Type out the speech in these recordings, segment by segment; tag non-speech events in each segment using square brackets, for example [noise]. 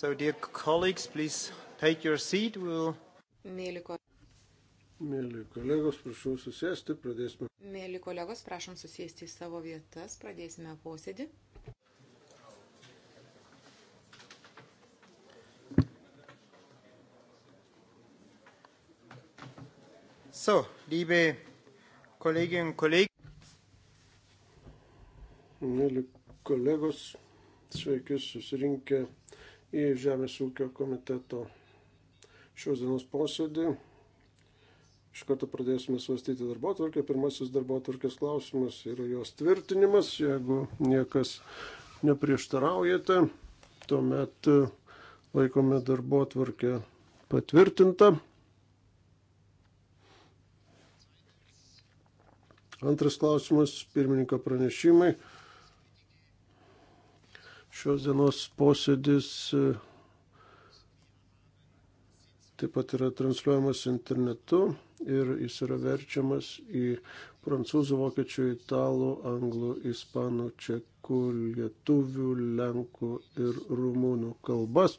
So, dear colleagues, please take your seat. We'll... Mėly, ko... Mėly kolegos, prašau susėsti, pradėsime. Mėly kolegos, prašom susėsti į savo vietas, pradėsime posėdį. So, liebe Kolleginnen und Kollegen. Mėly kolegos, sveiki susirinkę į Žemės ūkio komiteto šios dienos posėdį. Iš karto pradėsime svarstyti darbo atvarkę. Pirmasis darbo atvarkės klausimas yra jos tvirtinimas. Jeigu niekas neprieštaraujate, tuomet e, laikome darbo atvarkę patvirtintą. Antras klausimas - pirmininko pranešimai. Šios dienos posėdis e, taip pat yra transliuojamas internetu ir jis yra verčiamas į prancūzų, vokiečių, italų, anglų, ispanų, čekų, lietuvių, lenkų ir rumūnų kalbas.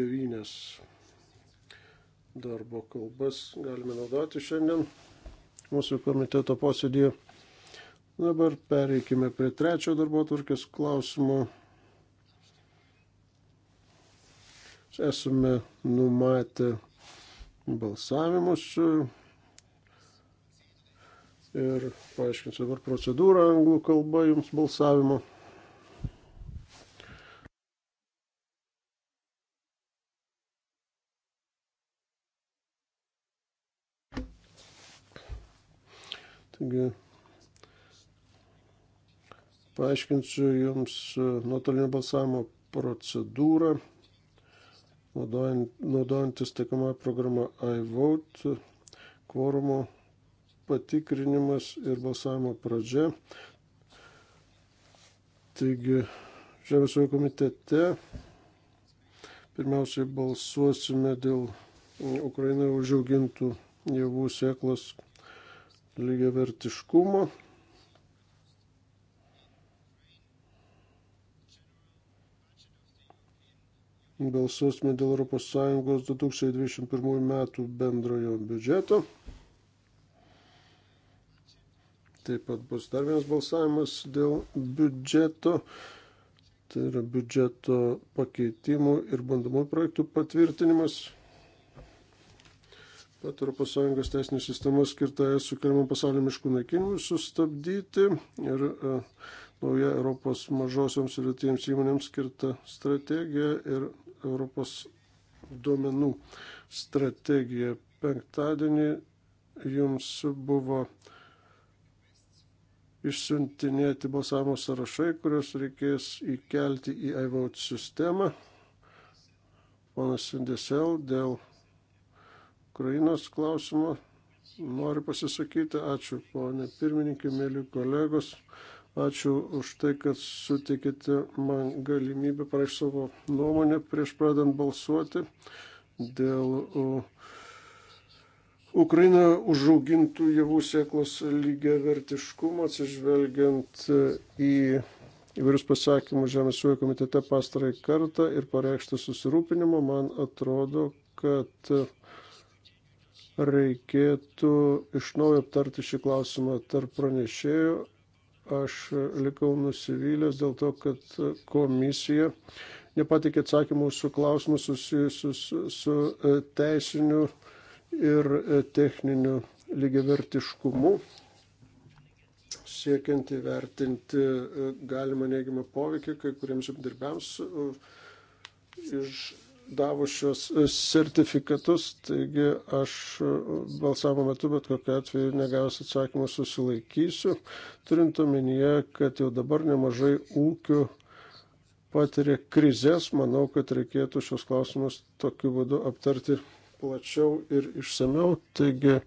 Devynės darbo kalbas galime naudoti šiandien mūsų komiteto posėdėje. Dabar pereikime prie trečio darbo tvarkės klausimo. Esame numatę balsavimus ir paaiškinsiu dabar procedūrą anglų kalba jums balsavimo. Paaiškinsiu Jums e, nuotolinio balsavimo procedūrą. Naudojant, naudojantis taikomąją programą iVote, kvorumo patikrinimas ir balsavimo pradžia. Taigi, Žemės ūkio komitete pirmiausiai balsuosime dėl Ukrainoje užaugintų javų sėklos lygiavertiškumo. balsuosime dėl ES 2021 metų bendrojo biudžeto. Taip pat bus dar vienas balsavimas dėl biudžeto, tai yra biudžeto pakeitimų ir bandomų projektų patvirtinimas. Pat ES teisinė sistema skirta sukeliamam pasaulio miškų naikinimui sustabdyti ir e, nauja Europos mažosioms ir vietiniams įmonėms skirta strategija ir Europos duomenų strategiją. Penktadienį jums buvo išsiuntinėti balsavimo sąrašai, kuriuos reikės įkelti į iVote sistemą. Ponas Sindesel dėl Ukrainos klausimo nori pasisakyti. Ačiū, ponė pirmininkė, mėly kolegos. Ačiū už tai, kad sutikite man galimybę parašyti savo nuomonę prieš pradant balsuoti dėl Ukraina užaugintų javų sėklos lygia vertiškumo atsižvelgiant į įvairius pasakymus Žemės ūkio komitete pastarąjį kartą ir pareikštą susirūpinimą, man atrodo, kad reikėtų iš naujo aptarti šį klausimą tarp pranešėjų aš likau nusivylęs dėl to, kad komisija nepatikė atsakymų su klausimu susijusiu su, su e, teisiniu ir e, techniniu lygiavertiškumu, siekiant įvertinti e, galimą neigiamą poveikį kai kuriems apdirbėms iš davus šios sertifikatus, taigi aš balsavimo metu bet kokiu atveju negavęs atsakymą susilaikysiu, turint omenyje, kad jau dabar nemažai ūkių patiria krizės, manau, kad reikėtų šios klausimus tokiu būdu aptarti plačiau ir išsameu. Taigi e,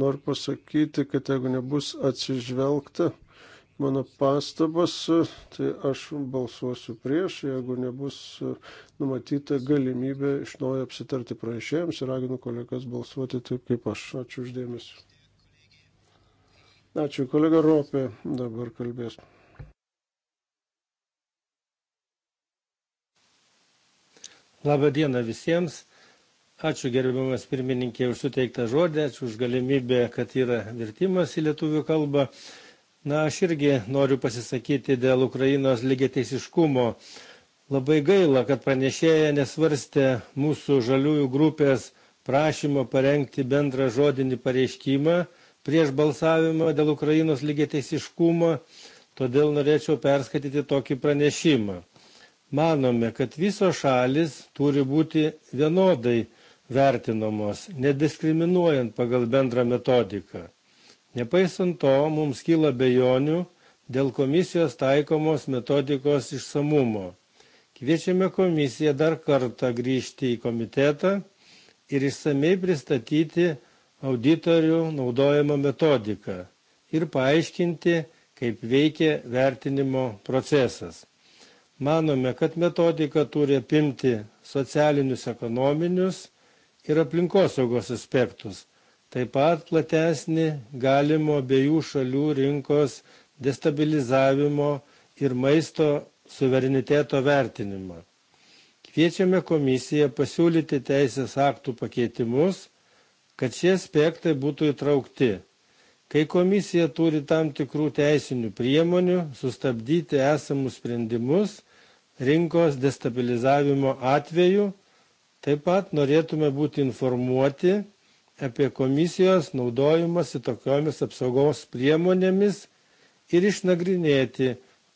noriu pasakyti, kad jeigu nebus atsižvelgta mano pastabas, tai aš balsuosiu prieš, jeigu nebus numatyta galimybė iš naujo apsitarti praešėjams ir raginu kolegas balsuoti taip kaip aš. Ačiū uždėmesi. Ačiū, kolega Ropė dabar kalbės. Labą dieną visiems. Ačiū gerbiamas pirmininkė už suteiktą žodį, ačiū už galimybę, kad yra vertimas į lietuvių kalbą. Na, aš irgi noriu pasisakyti dėl Ukrainos lygiateisiškumo. Labai gaila, kad pranešėja nesvarstė mūsų žaliųjų grupės prašymo parengti bendrą žodinį pareiškimą prieš balsavimą dėl Ukrainos lygiateisiškumo, todėl norėčiau perskaityti tokį pranešimą. Manome, kad visos šalis turi būti vienodai vertinamos, nediskriminuojant pagal bendrą metodiką nepaisant to mums kyla abejonių dėl komisijos taikomos metodikos išsamumo kviečiame komisiją dar kartą grįžti į komitetą ir išsamei pristatyti auditorių naudojamą metodiką ir paaiškinti, kaip veikia vertinimo procesas. Manome, kad metodika turi apimti socialinius, ekonominius ir aplinkosaugos aspektus, taip pat platesnį galimo abiejų šalių rinkos destabilizavimo ir maisto suvereniteto vertinimą. Kviečiame komisiją pasiūlyti teisės aktų pakeitimus, kad šie aspektai būtų įtraukti kai komisija turi tam tikrų teisinių priemonių sustabdyti esamus sprendimus rinkos destabilizavimo atveju, taip pat norėtume būti informuoti, apie komisijos naudojimąsi tokiomis apsaugos priemonėmis ir išnagrinėti,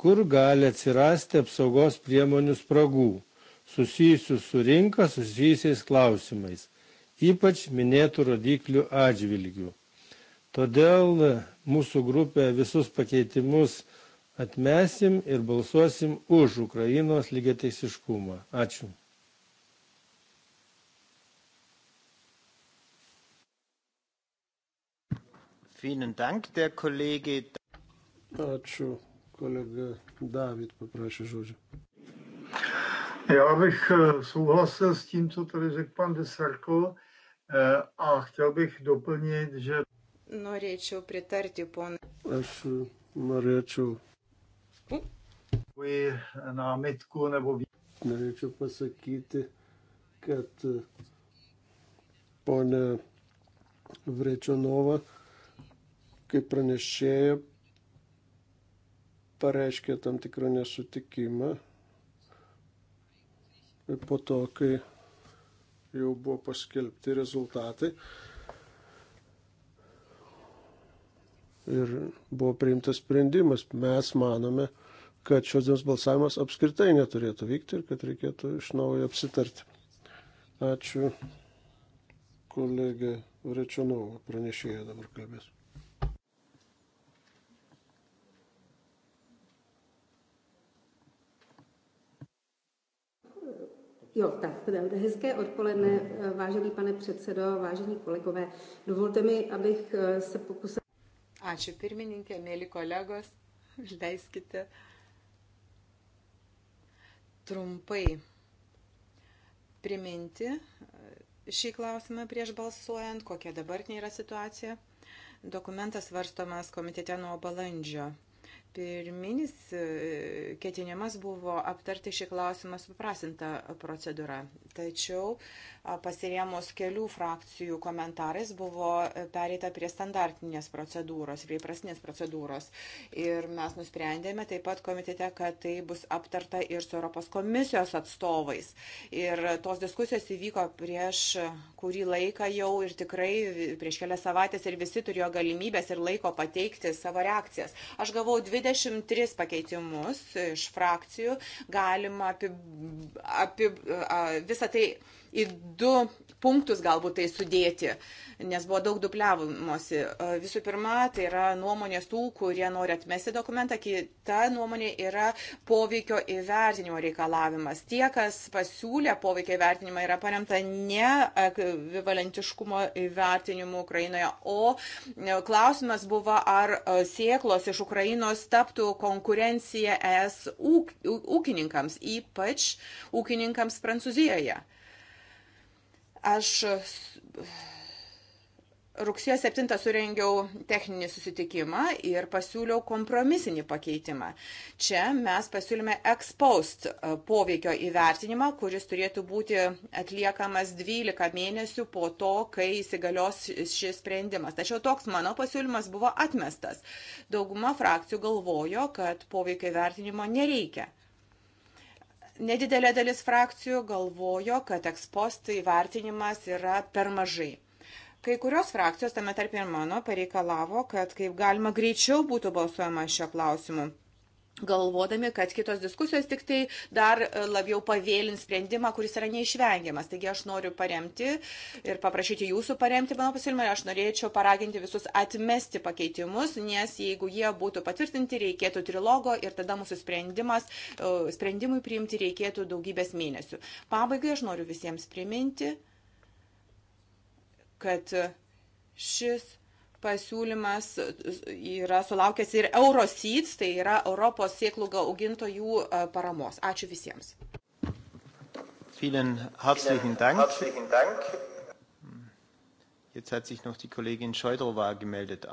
kur gali atsirasti apsaugos priemonių spragų susijusių su rinka susijusiais klausimais, ypač minėtų rodiklių atžvilgių. Todėl mūsų grupė visus pakeitimus atmesim ir balsuosim už Ukrainos lygiateisiškumą. Ačiū. Ačiū, kolega David paprašė žodžio. Já bych eh, souhlasil s tím, co tady řekl pan Veselko eh, a chtěl bych doplnit, že... Norėčiau pritarti, pon... Aš norėčiau... Eh, námitku nebo... Norėčiau pasakyti, kad ponia Vrečanova kaip pranešėja pareiškė tam tikrą nesutikimą. Ir po to, kai jau buvo paskelbti rezultatai ir buvo priimtas sprendimas, mes manome, kad šios dienos balsavimas apskritai neturėtų vykti ir kad reikėtų iš naujo apsitarti. Ačiū kolegė Vrečionova, pranešėja dabar kalbės. Jo, tak, hezké odpoledne, vážený pane předsedo, vážení kolegové. Dovolte mi, abych eh, se pokusila. Ačiū pirmininkė, mėly kolegos, leiskite trumpai priminti eh, šį klausimą prieš balsuojant, kokia dabartinė yra situacija. Dokumentas varstomas komitete nuo balandžio. Pirminis e, ketinimas buvo aptarti šį klausimą suprasintą procedūrą. Tačiau pasirėmus kelių frakcijų komentarais buvo e, pereita prie standartinės procedūros, prie prasinės procedūros. Ir mes nusprendėme taip pat komitete, kad tai bus aptarta ir su Europos komisijos atstovais. Ir tos diskusijos įvyko prieš kurį laiką jau ir tikrai prieš kelias savaitės ir visi turėjo galimybės ir laiko pateikti savo reakcijas. Aš gavau dvi 23 pakeitimus iš frakcijų. Galima apie, apie visą tai į du punktus galbūt tai sudėti, nes buvo daug dubliavimosi. E, visų pirma, tai yra nuomonės tų, kurie nori atmesti dokumentą, kita nuomonė yra poveikio įvertinimo reikalavimas. Tie, kas pasiūlė poveikio įvertinimą, yra paremta ne ekvivalentiškumo įvertinimu Ukrainoje, o e, klausimas buvo, ar e, sieklos iš Ukrainos taptų konkurencija es ūkininkams, ypač ūkininkams Prancūzijoje. Aš rugsėjo 7 surengiau techninį susitikimą ir pasiūliau kompromisinį pakeitimą. Čia mes pasiūlėme expost e, poveikio įvertinimą, kuris turėtų būti atliekamas 12 mėnesių po to, kai įsigalios šis sprendimas. Tačiau toks mano pasiūlymas buvo atmestas. Dauguma frakcijų galvojo, kad poveikio įvertinimo nereikia. Nedidelė dalis frakcijų galvojo, kad ekspostai vertinimas yra per mažai. Kai kurios frakcijos, tame tarp ir mano, pareikalavo, kad kaip galima greičiau būtų balsuojama šio klausimu galvodami, kad kitos diskusijos tik tai dar e, labiau pavėlins sprendimą, kuris yra neišvengiamas. Taigi aš noriu paremti ir paprašyti jūsų paremti mano pasiūlymą. Aš norėčiau paraginti visus atmesti pakeitimus, nes jeigu jie būtų patvirtinti, reikėtų trilogo ir tada mūsų e, sprendimui priimti reikėtų daugybės mėnesių. Pabaigai aš noriu visiems priminti, kad šis pasiūlymas yra sulaukęs ir Euroseeds, tai yra Europos sieklų augintojų e, paramos. Ačiū visiems. Vielen herzlichen Dank. Herzlichen Dank. Jetzt hat sich noch die Kollegin Scheudrova gemeldet.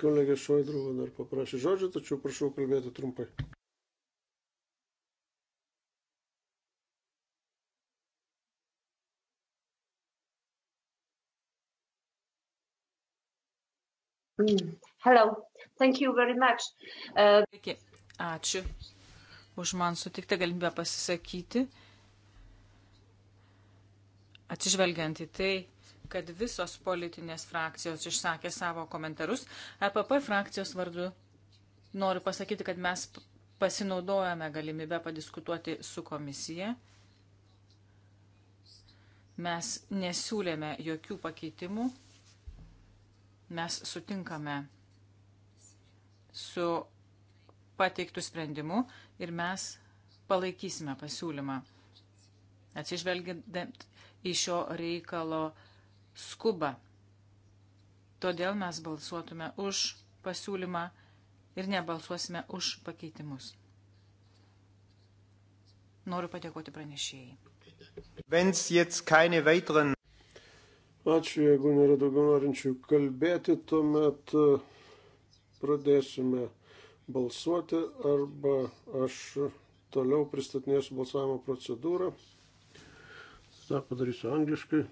Kolegė Šoidrova dar paprašė žodžio, tačiau prašau kalbėti trumpai. Mm. Hello. Thank you very much. Uh... Ačiū už man sutiktą galimybę pasisakyti. Atsižvelgiant į tai, kad visos politinės frakcijos išsakė savo komentarus, EPP frakcijos vardu noriu pasakyti, kad mes pasinaudojame galimybę padiskutuoti su komisija. Mes nesiūlėme jokių pakeitimų Mes sutinkame su pateiktų sprendimų ir mes palaikysime pasiūlymą. Atsižvelgiant į šio reikalo skubą. Todėl mes balsuotume už pasiūlymą ir nebalsuosime už pakeitimus. Noriu padėkoti pranešėjai. Ačiū, jeigu nėra daugiau norinčių kalbėti, tuomet e, pradėsime balsuoti arba aš toliau pristatinėsiu balsavimo procedūrą. Ta padarysiu angliškai.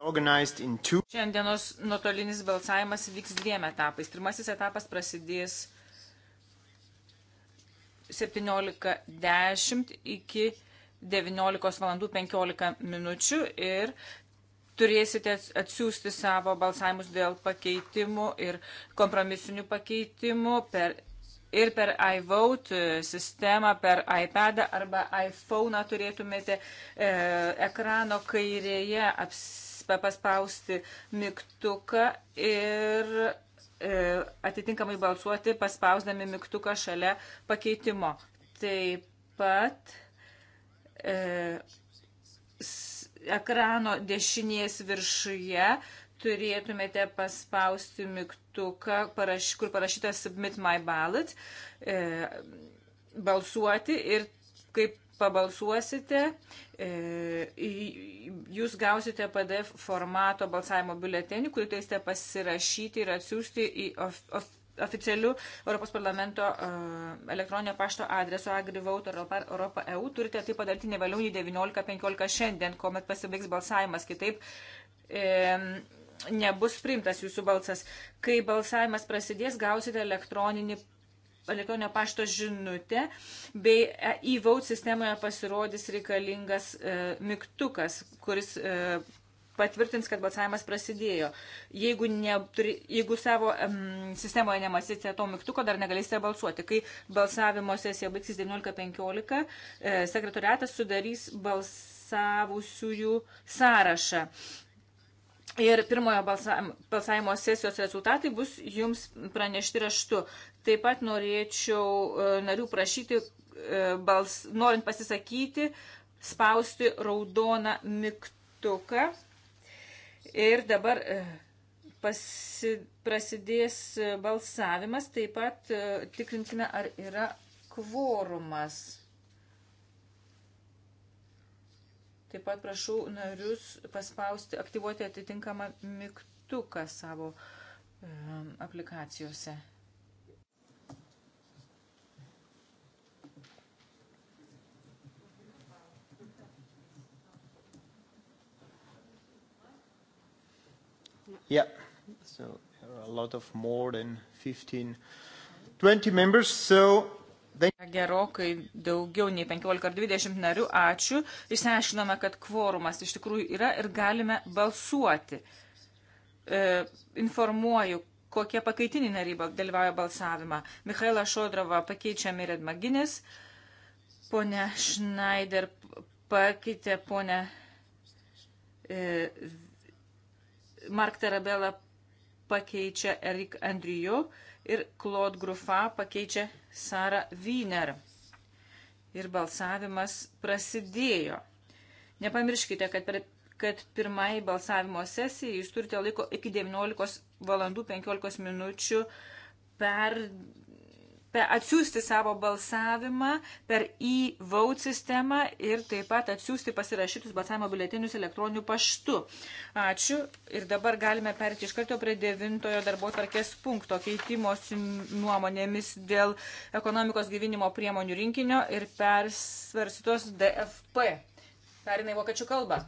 Two... Šiandienos nuotolinis balsavimas vyks dviem etapais. Pirmasis etapas prasidės 17.10 iki 17.30. 19 val. 15 minučių ir turėsite atsiųsti savo balsavimus dėl pakeitimų ir kompromisinių pakeitimų per, ir per iVote sistemą, per iPadą arba iPhone'ą turėtumėte e, ekrano kairėje aps, paspausti mygtuką ir e, atitinkamai balsuoti paspausdami mygtuką šalia pakeitimo. Taip pat E, ekrano dešinės viršuje turėtumėte paspausti mygtuką, paraš, kur parašyta Submit my ballot, e, balsuoti ir kaip pabalsuosite, e, jūs gausite PDF formato balsavimo biuletenį, kurį turėsite pasirašyti ir atsiųsti į of, of, oficialiu Europos parlamento e, elektroninio pašto adresu agrivauto.eu e turite tai padaryti ne vėliau nei 19.15 šiandien, kuomet pasibaigs balsavimas. Kitaip e, nebus priimtas jūsų balsas. Kai balsavimas prasidės, gausite elektroninį elektroninio pašto žinutę, bei e, e-vote sistemoje pasirodys reikalingas e, mygtukas, kuris e, patvirtins, kad balsavimas prasidėjo. Jeigu, neturi, jeigu savo um, sistemoje nemasite to mygtuko, dar negalėsite balsuoti. Kai balsavimo sesija baigsis 19.15, e, sekretoriatas sudarys balsavusiųjų sąrašą. Ir pirmojo balsavimo sesijos rezultatai bus jums pranešti raštu. Taip pat norėčiau e, narių prašyti, e, bals, norint pasisakyti, spausti raudoną mygtuką. Ir dabar e, pasi, prasidės e, balsavimas, taip pat e, tikrinsime, ar yra kvorumas. Taip pat prašau narius paspausti, aktyvuoti atitinkamą mygtuką savo aplikacijose. Yeah. So there are a lot of more than 15, 20 members. So they... Gerokai daugiau nei 15 ar 20 narių. Ačiū. Išsiaiškinome, kad kvorumas iš tikrųjų yra ir galime balsuoti. E, informuoju, kokie pakaitiniai nariai dalyvauja balsavimą. Mikhailą Šodrovą pakeičia Mired Maginis. Pone Schneider pakeitė ponę e, Mark Tarabella pakeičia Erik Andriju ir Claude Grufa pakeičia Sara Wiener. Ir balsavimas prasidėjo. Nepamirškite, kad, per, kad pirmai balsavimo sesijai jūs turite laiko iki 19 valandų 15 minučių per atsiųsti savo balsavimą per e-vote sistemą ir taip pat atsiųsti pasirašytus balsavimo biuletinius elektroniniu paštu. Ačiū. Ir dabar galime perėti iš karto prie devintojo darbo tvarkės punkto keitimos nuomonėmis dėl ekonomikos gyvinimo priemonių rinkinio ir persvarstytos DFP. Perinai vokiečių kalbą.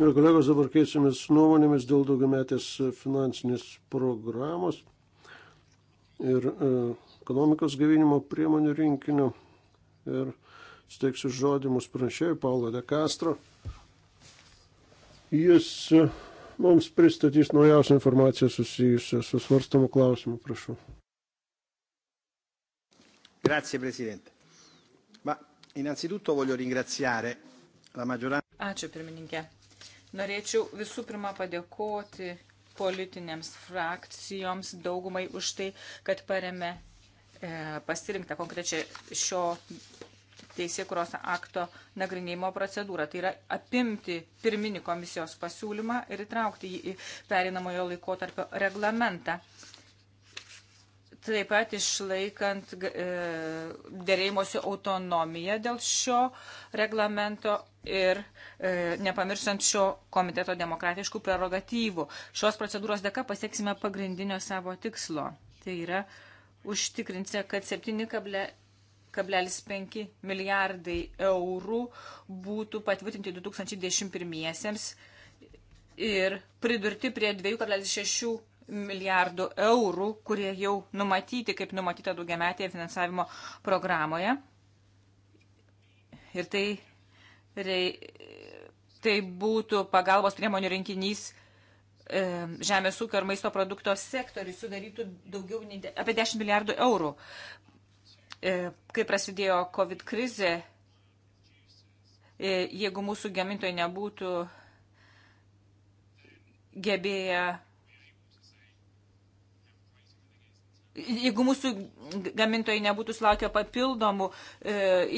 Ir kolegos dabar keičiamės nuomonėmis dėl daugiametės finansinės programos ir e, ekonomikos gavinimo priemonių rinkinio. Ir steiksiu žodį mūsų pranešėjui Paulo De Castro. Jis e, mums pristatys naujausią informaciją susijusią su svarstamu klausimu, prašau. Grazie, Presidente. Ma innanzitutto voglio ringraziare la maggioranza. Ačiū, pirmininkė. Norėčiau visų pirma padėkoti politinėms frakcijoms, daugumai už tai, kad paremė e, pasirinktą konkrečią šio teisėkuros akto nagrinėjimo procedūrą. Tai yra apimti pirminį komisijos pasiūlymą ir įtraukti jį į perinamojo laikotarpio reglamentą taip pat išlaikant e, dėrėjimosi autonomiją dėl šio reglamento ir e, nepamirštant šio komiteto demokratiškų prerogatyvų. Šios procedūros dėka pasieksime pagrindinio savo tikslo. Tai yra užtikrinti, kad 7,5 milijardai eurų būtų patvirtinti 2011 ir pridurti prie 2,6 milijardų eurų, kurie jau numatyti, kaip numatyta daugiametėje finansavimo programoje. Ir tai, rei, tai būtų pagalbos priemonių rinkinys e, žemės ūkio ir maisto produkto sektoriui sudarytų daugiau nei apie 10 milijardų eurų. E, kai prasidėjo COVID krizė, e, jeigu mūsų gamintojai nebūtų gebėję Jeigu mūsų gamintojai nebūtų sulaukę papildomų e,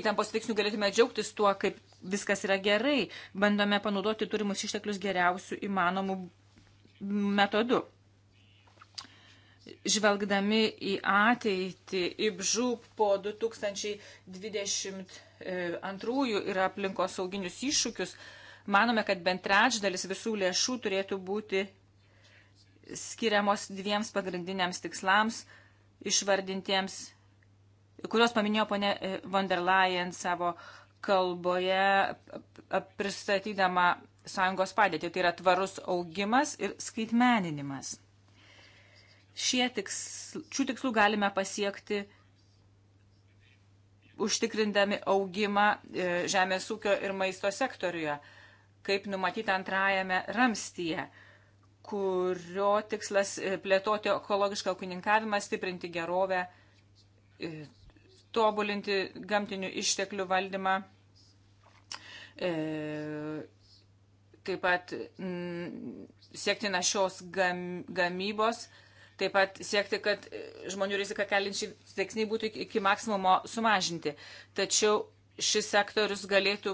įtampos veiksnių, galėtume džiaugtis tuo, kaip viskas yra gerai. Bandome panaudoti turimus išteklius geriausių įmanomų metodų. Žvelgdami į ateitį, IBŽU po 2022 ir aplinkos sauginius iššūkius, manome, kad bent trečdalis visų lėšų turėtų būti skiriamos dviems pagrindiniams tikslams išvardintiems, kuriuos paminėjo ponė e, von der Leyen savo kalboje pristatydama sąjungos padėtį. Tai yra tvarus augimas ir skaitmeninimas. Šie tiksl, šių tikslų galime pasiekti užtikrindami augimą e, žemės ūkio ir maisto sektoriuje, kaip numatyta antrajame ramstyje kurio tikslas e, plėtoti ekologišką ūkininkavimą, stiprinti gerovę, e, tobulinti gamtinių išteklių valdymą, e, taip pat mm, siekti našios gamybos, taip pat siekti, kad žmonių riziką kelinčiai veiksniai būtų iki maksimumo sumažinti. Tačiau šis sektorius galėtų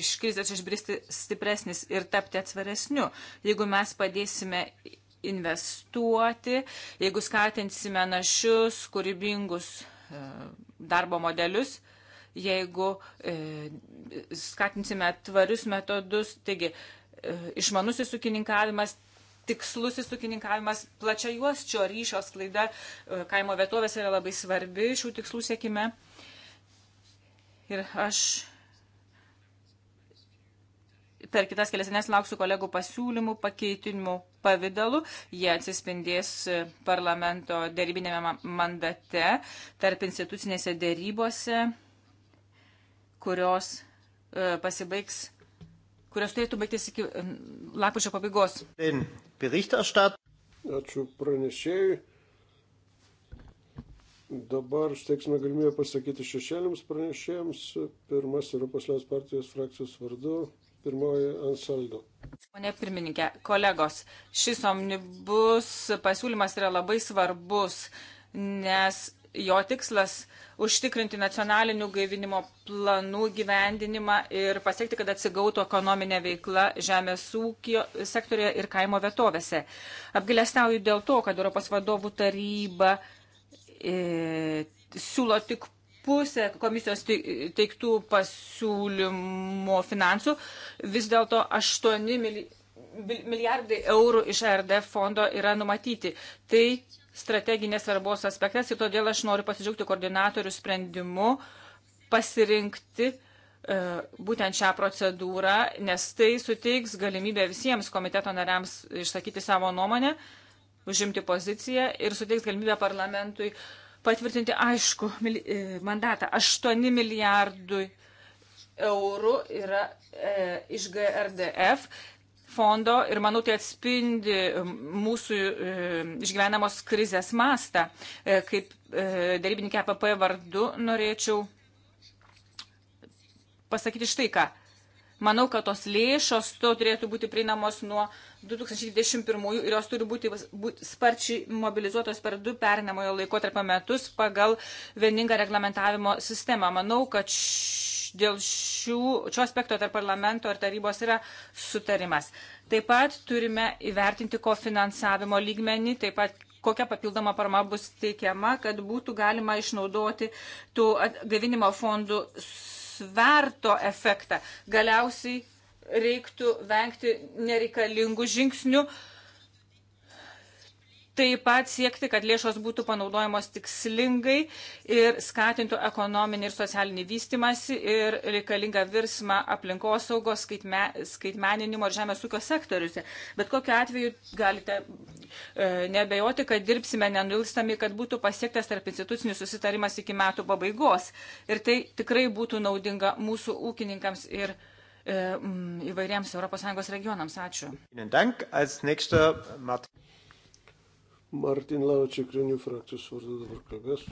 iš krizės išbristi stipresnis ir tapti atsvaresniu. Jeigu mes padėsime investuoti, jeigu skatinsime našius, kūrybingus e, darbo modelius, jeigu e, skatinsime tvarius metodus, taigi e, išmanusis ūkininkavimas, tikslusis ūkininkavimas, plačia juos čio ryšio sklaida kaimo vietovės yra labai svarbi šių tikslų sėkime. Ir aš per kitas kelias dienas lauksiu kolegų pasiūlymų, pakeitimų pavydalu. Jie atsispindės parlamento dėrybinėme mandate tarp institucinėse dėrybose, kurios e, pasibaigs kurios turėtų baigtis iki lapkričio pabaigos. Ačiū pranešėjui. Dabar steiksime galimybę pasakyti šešėliams pranešėjams. Pirmas Europos Liaudės partijos frakcijos vardu. Pirmoji Ansaldo. Pone pirmininkė, kolegos, šis omnibus pasiūlymas yra labai svarbus, nes jo tikslas užtikrinti nacionalinių gaivinimo planų gyvendinimą ir pasiekti, kad atsigautų ekonominė veikla žemės ūkio sektorėje ir kaimo vietovėse. Apgilestauju dėl to, kad Europos vadovų taryba e, siūlo tik pusę komisijos teiktų pasiūlymo finansų, vis dėlto 8 milijardai eurų iš ARD fondo yra numatyti. Tai strateginės svarbos aspektas ir todėl aš noriu pasidžiaugti koordinatorių sprendimu pasirinkti e, būtent šią procedūrą, nes tai suteiks galimybę visiems komiteto nariams išsakyti savo nuomonę. Uh, užimti poziciją ir suteiks galimybę parlamentui patvirtinti aišku e, mandatą. 8 milijardų eurų yra e, iš GRDF fondo ir manau tai atspindi mūsų e, išgyvenamos krizės mastą. E, kaip e, darybininkė APP vardu norėčiau pasakyti štai ką. Manau, kad tos lėšos to turėtų būti prieinamos nuo 2021 ir jos turi būti būt sparčiai mobilizuotos per du perinamojo laiko tarp metus pagal vieningą reglamentavimo sistemą. Manau, kad š... dėl šių, šio aspekto tarp parlamento ir tarybos yra sutarimas. Taip pat turime įvertinti kofinansavimo lygmenį, taip pat kokia papildoma parama bus teikiama, kad būtų galima išnaudoti tų gavinimo fondų sverto efektą. Galiausiai reiktų vengti nereikalingų žingsnių, uh, taip pat siekti, kad lėšos būtų panaudojamos tikslingai ir skatintų ekonominį ir socialinį vystimąsi ir reikalingą virsmą aplinkosaugos, skaitme, skaitmeninimo ir žemės ūkio sektoriuose. Bet kokiu atveju galite e, nebejoti, kad dirbsime nenuilstami, kad būtų pasiektas tarp institucinių susitarimas iki metų pabaigos. Ir tai tikrai būtų naudinga mūsų ūkininkams ir e, m, įvairiems ES regionams. Ačiū. Martin Laučiak, Renių frakcijos vardu dabar kalbės.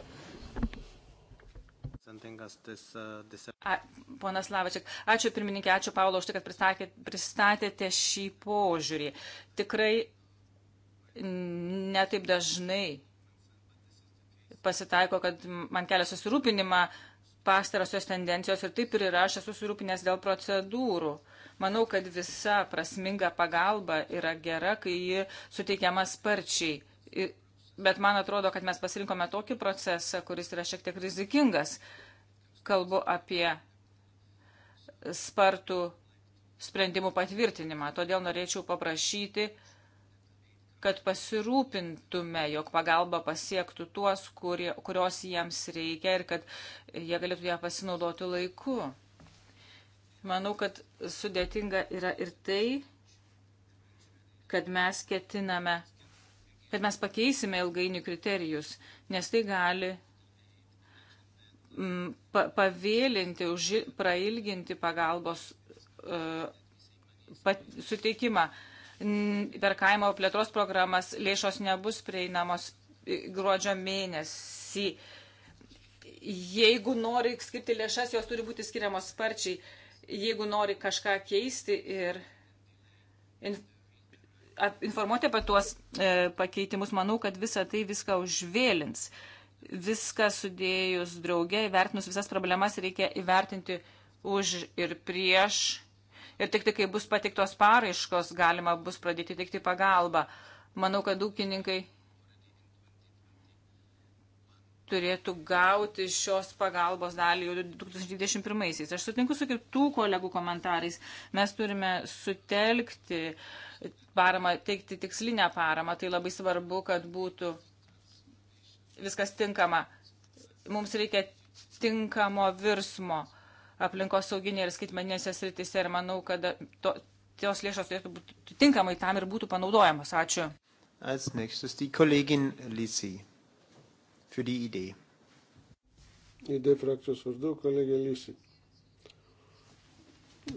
A, ponas Lavačiak, ačiū pirmininkė, ačiū Paulo už tai, kad pristatė, pristatėte šį požiūrį. Tikrai netaip dažnai pasitaiko, kad man kelia susirūpinimą pastarosios tendencijos ir taip ir yra, aš esu susirūpinęs dėl procedūrų. Manau, kad visa prasminga pagalba yra gera, kai ji suteikiama sparčiai. Bet man atrodo, kad mes pasirinkome tokį procesą, kuris yra šiek tiek rizikingas. Kalbu apie spartų sprendimų patvirtinimą. Todėl norėčiau paprašyti, kad pasirūpintume, jog pagalba pasiektų tuos, kurie, kurios jiems reikia ir kad jie galėtų ją pasinaudoti laiku. Manau, kad sudėtinga yra ir tai, kad mes ketiname kad mes pakeisime ilgainių kriterijus, nes tai gali mm, pa pavėlinti, užži, prailginti pagalbos uh, pat, suteikimą. Per kaimo plėtros programas lėšos nebus prieinamos gruodžio mėnesį. Jeigu nori skirti lėšas, jos turi būti skiriamos sparčiai. Jeigu nori kažką keisti ir informuoti apie tuos e, pakeitimus, manau, kad visa tai viską užvėlins. Viską sudėjus draugė, įvertinus visas problemas, reikia įvertinti už ir prieš. Ir tik tai, kai bus patiktos paraiškos, galima bus pradėti teikti pagalbą. Manau, kad ūkininkai turėtų gauti šios pagalbos dalį jau 2021-aisiais. Aš sutinku su kitų kolegų komentarais. Mes turime sutelkti paramą, teikti tikslinę paramą. Tai labai svarbu, kad būtų viskas tinkama. Mums reikia tinkamo virsmo aplinkos sauginėje ir skaitmeninėse sritise ir manau, kad to, tos lėšos turėtų būti tinkamai tam ir būtų panaudojamos. Ačiū. Als nächstes die Kollegin Lisi für die Idee. ID frakcijos vardu kolegė Lysi.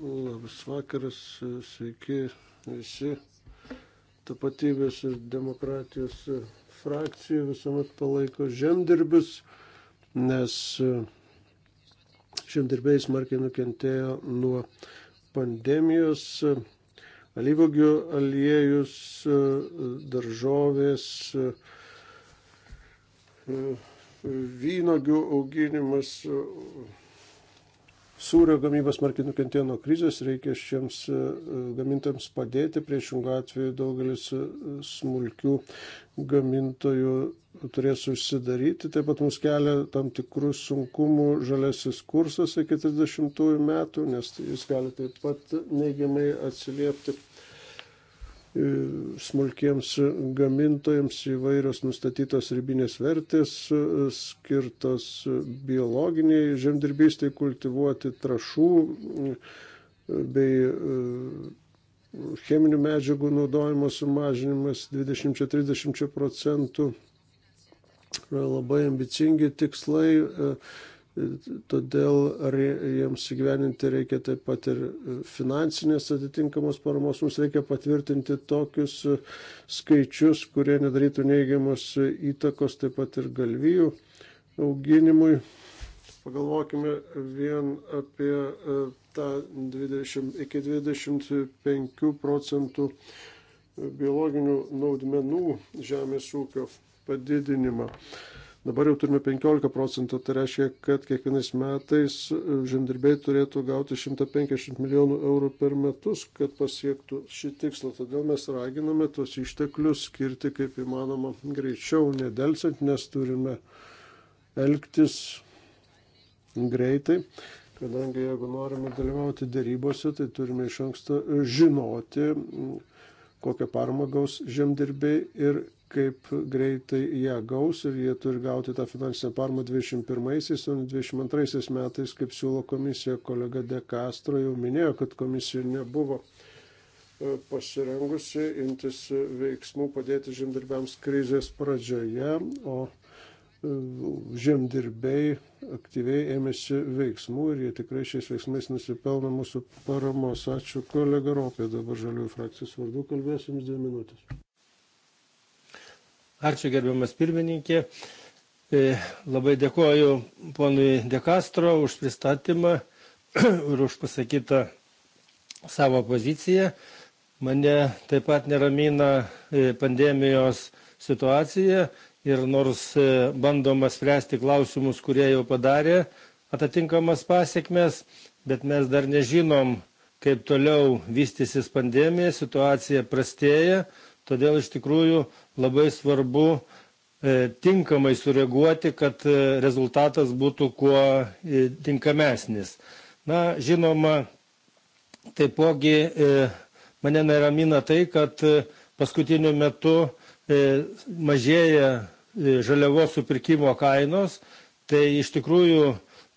Labas vakaras, sveiki visi. Tapatybės ir demokratijos frakcija visuomet palaiko žemdirbius, nes žemdirbiai smarkiai nukentėjo nuo pandemijos. Alyvogių aliejus, daržovės, vynogių auginimas, sūrio gamybas markiai nukentėjo nuo krizės, reikia šiems e, gamintams padėti, priešingų atveju daugelis e, smulkių gamintojų turės užsidaryti. Taip pat mums kelia tam tikrų sunkumų žalesis kursas iki 30 metų, nes jis gali taip pat neigiamai atsiliepti E, smulkiems gamintojams įvairios nustatytos ribinės vertės e, skirtos biologiniai žemdirbystai kultivuoti trašų e, bei cheminių medžiagų naudojimo sumažinimas 20-30 procentų. Labai ambicingi tikslai todėl jiems įgyveninti reikia taip pat ir finansinės atitinkamos paramos. Mums reikia patvirtinti tokius skaičius, kurie nedarytų neigiamos įtakos taip pat ir galvijų auginimui. Pagalvokime vien apie e, tą 20, iki 25 procentų biologinių naudmenų žemės ūkio padidinimą. Dabar jau turime 15 procentų, tai reiškia, kad kiekvienais metais žemdirbiai turėtų gauti 150 milijonų eurų per metus, kad pasiektų šį tikslą. Todėl mes raginame tuos išteklius skirti kaip įmanoma greičiau, nedelsant, nes turime elgtis greitai. Kadangi jeigu norime dalyvauti dėrybose, tai turime iš anksto žinoti, kokią paramą gaus žemdirbiai ir kaip greitai jie gaus ir jie turi gauti tą finansinę paramą 21-aisiais, o 22-aisiais metais, kaip siūlo komisija, kolega De Castro jau minėjo, kad komisija nebuvo e, pasirengusi imtis veiksmų padėti žemdirbiams krizės pradžioje, o žemdirbiai aktyviai ėmėsi veiksmų ir jie tikrai šiais veiksmais nusipelno mūsų paramos. Ačiū kolega Ropė, dabar žaliųjų frakcijos vardu kalbės jums dvi minutės. Ačiū gerbiamas pirmininkė. E, labai dėkoju ponui Dekastro už pristatymą [clears throat] ir už pasakytą savo poziciją. Mane taip pat neramina e, pandemijos situacija ir nors e, bandoma spręsti klausimus, kurie jau padarė atatinkamas pasiekmes, bet mes dar nežinom, kaip toliau vystysis pandemija, situacija prastėja, todėl iš tikrųjų labai svarbu e, tinkamai sureaguoti, kad e, rezultatas būtų kuo tinkamesnis. Na, žinoma, taipogi mane neramina tai, kad paskutiniu metu mažėja E, žaliavos supirkimo kainos, tai iš tikrųjų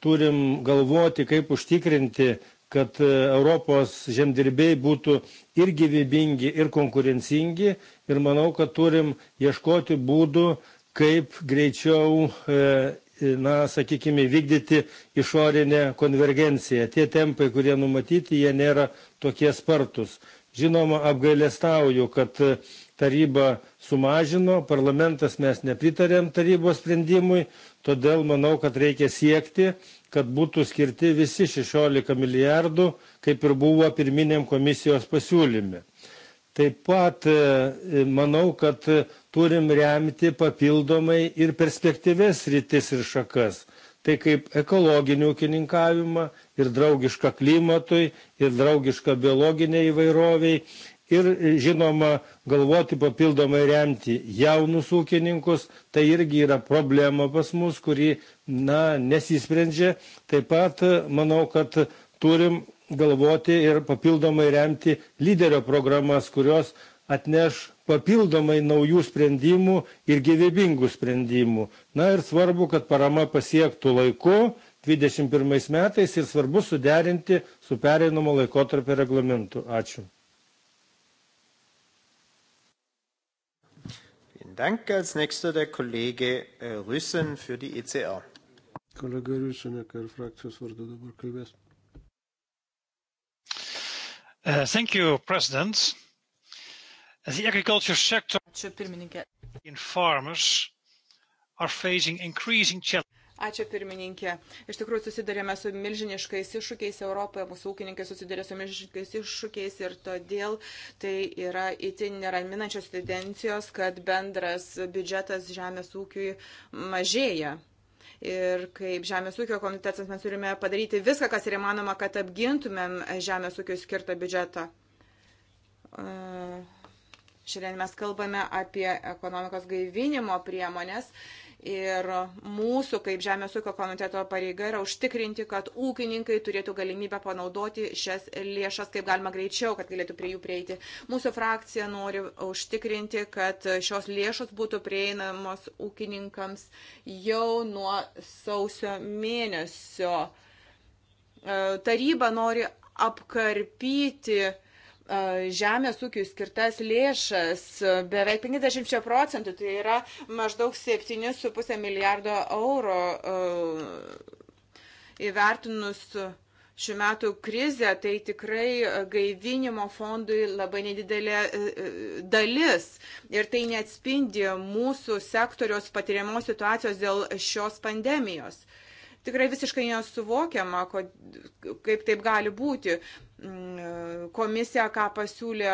turim galvoti, kaip užtikrinti, kad e, Europos žemdirbiai būtų ir gyvybingi, ir konkurencingi. Ir manau, kad turim ieškoti būdų, kaip greičiau, e, na, sakykime, vykdyti išorinę konvergenciją. Tie tempai, kurie numatyti, jie nėra tokie spartus. Žinoma, apgailestauju, kad taryba sumažino parlamentas mes nepritarėm tarybos sprendimui todėl manau kad reikia siekti kad būtų skirti visi šešiolika milijardų kaip ir buvo pirminiam komisijos pasiūlyme taip pat e, e, manau kad turim remti papildomai ir perspektyvias sritis ir šakas tai kaip ekologinį ūkininkavimą ir draugišką klimatui ir draugišką biologinei įvairovei ir žinoma galvoti papildomai remti jaunus ūkininkus tai irgi yra problema pas mus kuri na nesisprendžia taip pat e, manau kad turim galvoti ir papildomai remti lyderio programas kurios atneš papildomai naujų sprendimų ir gyvybingų sprendimų na ir svarbu kad parama pasiektų laiku dvidešimt pirmais metais ir svarbu suderinti su pereinamojo laikotarpio reglamentu ačiū Dank. Als nächster der Kollege äh, Rüssen für die ECR. Kollege Rüssen, ECR frakcijos vardu dabar kalbės. Uh, thank you, President. The agriculture sector Ačiū, and farmers are facing increasing challenges. Ačiū pirmininkė. Iš tikrųjų susidarėme su milžiniškais iššūkiais Europoje, mūsų ūkininkai susidarė su milžiniškais iššūkiais ir todėl tai yra itin neraminančios tendencijos, kad bendras biudžetas žemės ūkiui mažėja. Ir kaip Žemės ūkio komitetas mes turime padaryti viską, kas yra įmanoma, kad apgintumėm Žemės ūkio skirtą biudžetą. Šiandien mes kalbame apie ekonomikos gaivinimo priemonės Ir mūsų, kaip Žemės ūkio komiteto pareiga, yra užtikrinti, kad ūkininkai turėtų galimybę panaudoti šias lėšas kaip galima greičiau, kad galėtų prie jų prieiti. Mūsų frakcija nori užtikrinti, kad šios lėšos būtų prieinamos ūkininkams jau nuo sausio mėnesio. E, taryba nori apkarpyti žemės ūkiui skirtas lėšas beveik 50 procentų, tai yra maždaug 7,5 milijardo euro įvertinus šių metų krizę, tai tikrai gaivinimo fondui labai nedidelė e, e, dalis. Ir tai neatspindi mūsų sektoriaus patiriamos situacijos dėl šios pandemijos tikrai visiškai nesuvokiama, kaip taip gali būti. Mm, komisija, ką pasiūlė,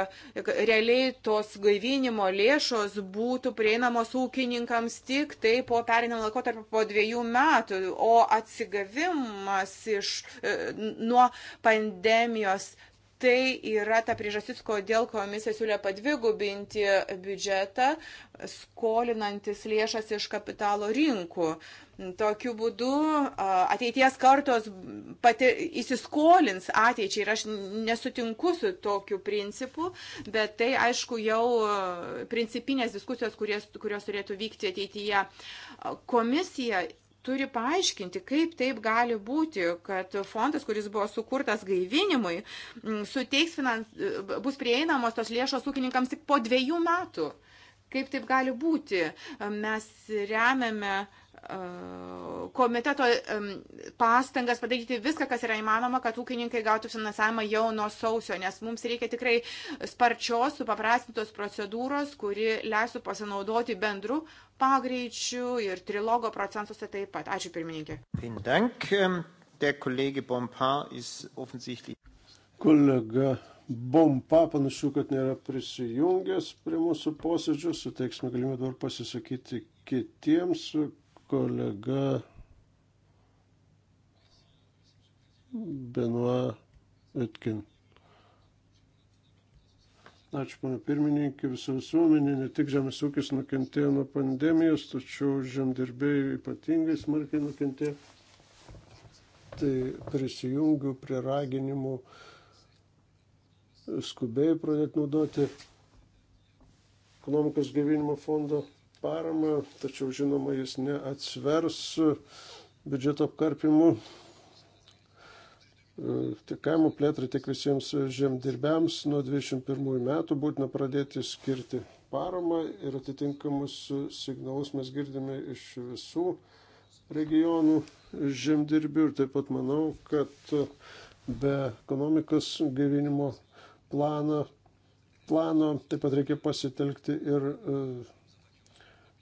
realiai tos gaivinimo lėšos būtų prieinamos ūkininkams tik tai po perinamą laikotarpį po dviejų metų, o atsigavimas iš, e, nuo pandemijos tai yra ta priežastis, kodėl komisija siūlė padvigubinti biudžetą, skolinantis lėšas iš kapitalo rinkų. Tokiu būdu ateities kartos pati, įsiskolins ateičiai ir aš nesutinku su tokiu principu, bet tai aišku jau principinės diskusijos, kurios, kurios turėtų vykti ateityje. Komisija turi paaiškinti, kaip taip gali būti, kad fondas, kuris buvo sukurtas gaivinimui, suteiks finans, bus prieinamos tos lėšos ūkininkams tik po dviejų metų. Kaip taip gali būti? Mes remiame uh, E, komiteto e, pastangas padaryti viską, kas yra įmanoma, kad ūkininkai gautų finansavimą jau nuo sausio, nes mums reikia tikrai sparčios, supaprastintos procedūros, kuri leistų pasinaudoti bendru pagreičiu ir trilogo procesuose taip pat. Ačiū pirmininkė. Ähm, Kolega Bompa panašu, kad nėra prisijungęs prie mūsų posėdžių, suteiksime galimybę dabar pasisakyti kitiems kolega Benoit Etkin. Ačiū, pana pirmininkė, visą visuomenį, ne tik žemės ūkis nukentėjo nuo pandemijos, tačiau žemdirbėjai ypatingai smarkiai nukentėjo. Tai prisijungiu prie raginimų skubiai pradėti naudoti ekonomikos gyvinimo fondo paramą, tačiau žinoma, jis neatsvers biudžeto apkarpimų tiek kaimo plėtrai, tiek visiems žemdirbiams nuo 21 metų būtina pradėti skirti paramą ir atitinkamus signalus mes girdime iš visų regionų žemdirbių ir taip pat manau, kad be ekonomikos gaivinimo plano, plano taip pat reikia pasitelkti ir uh,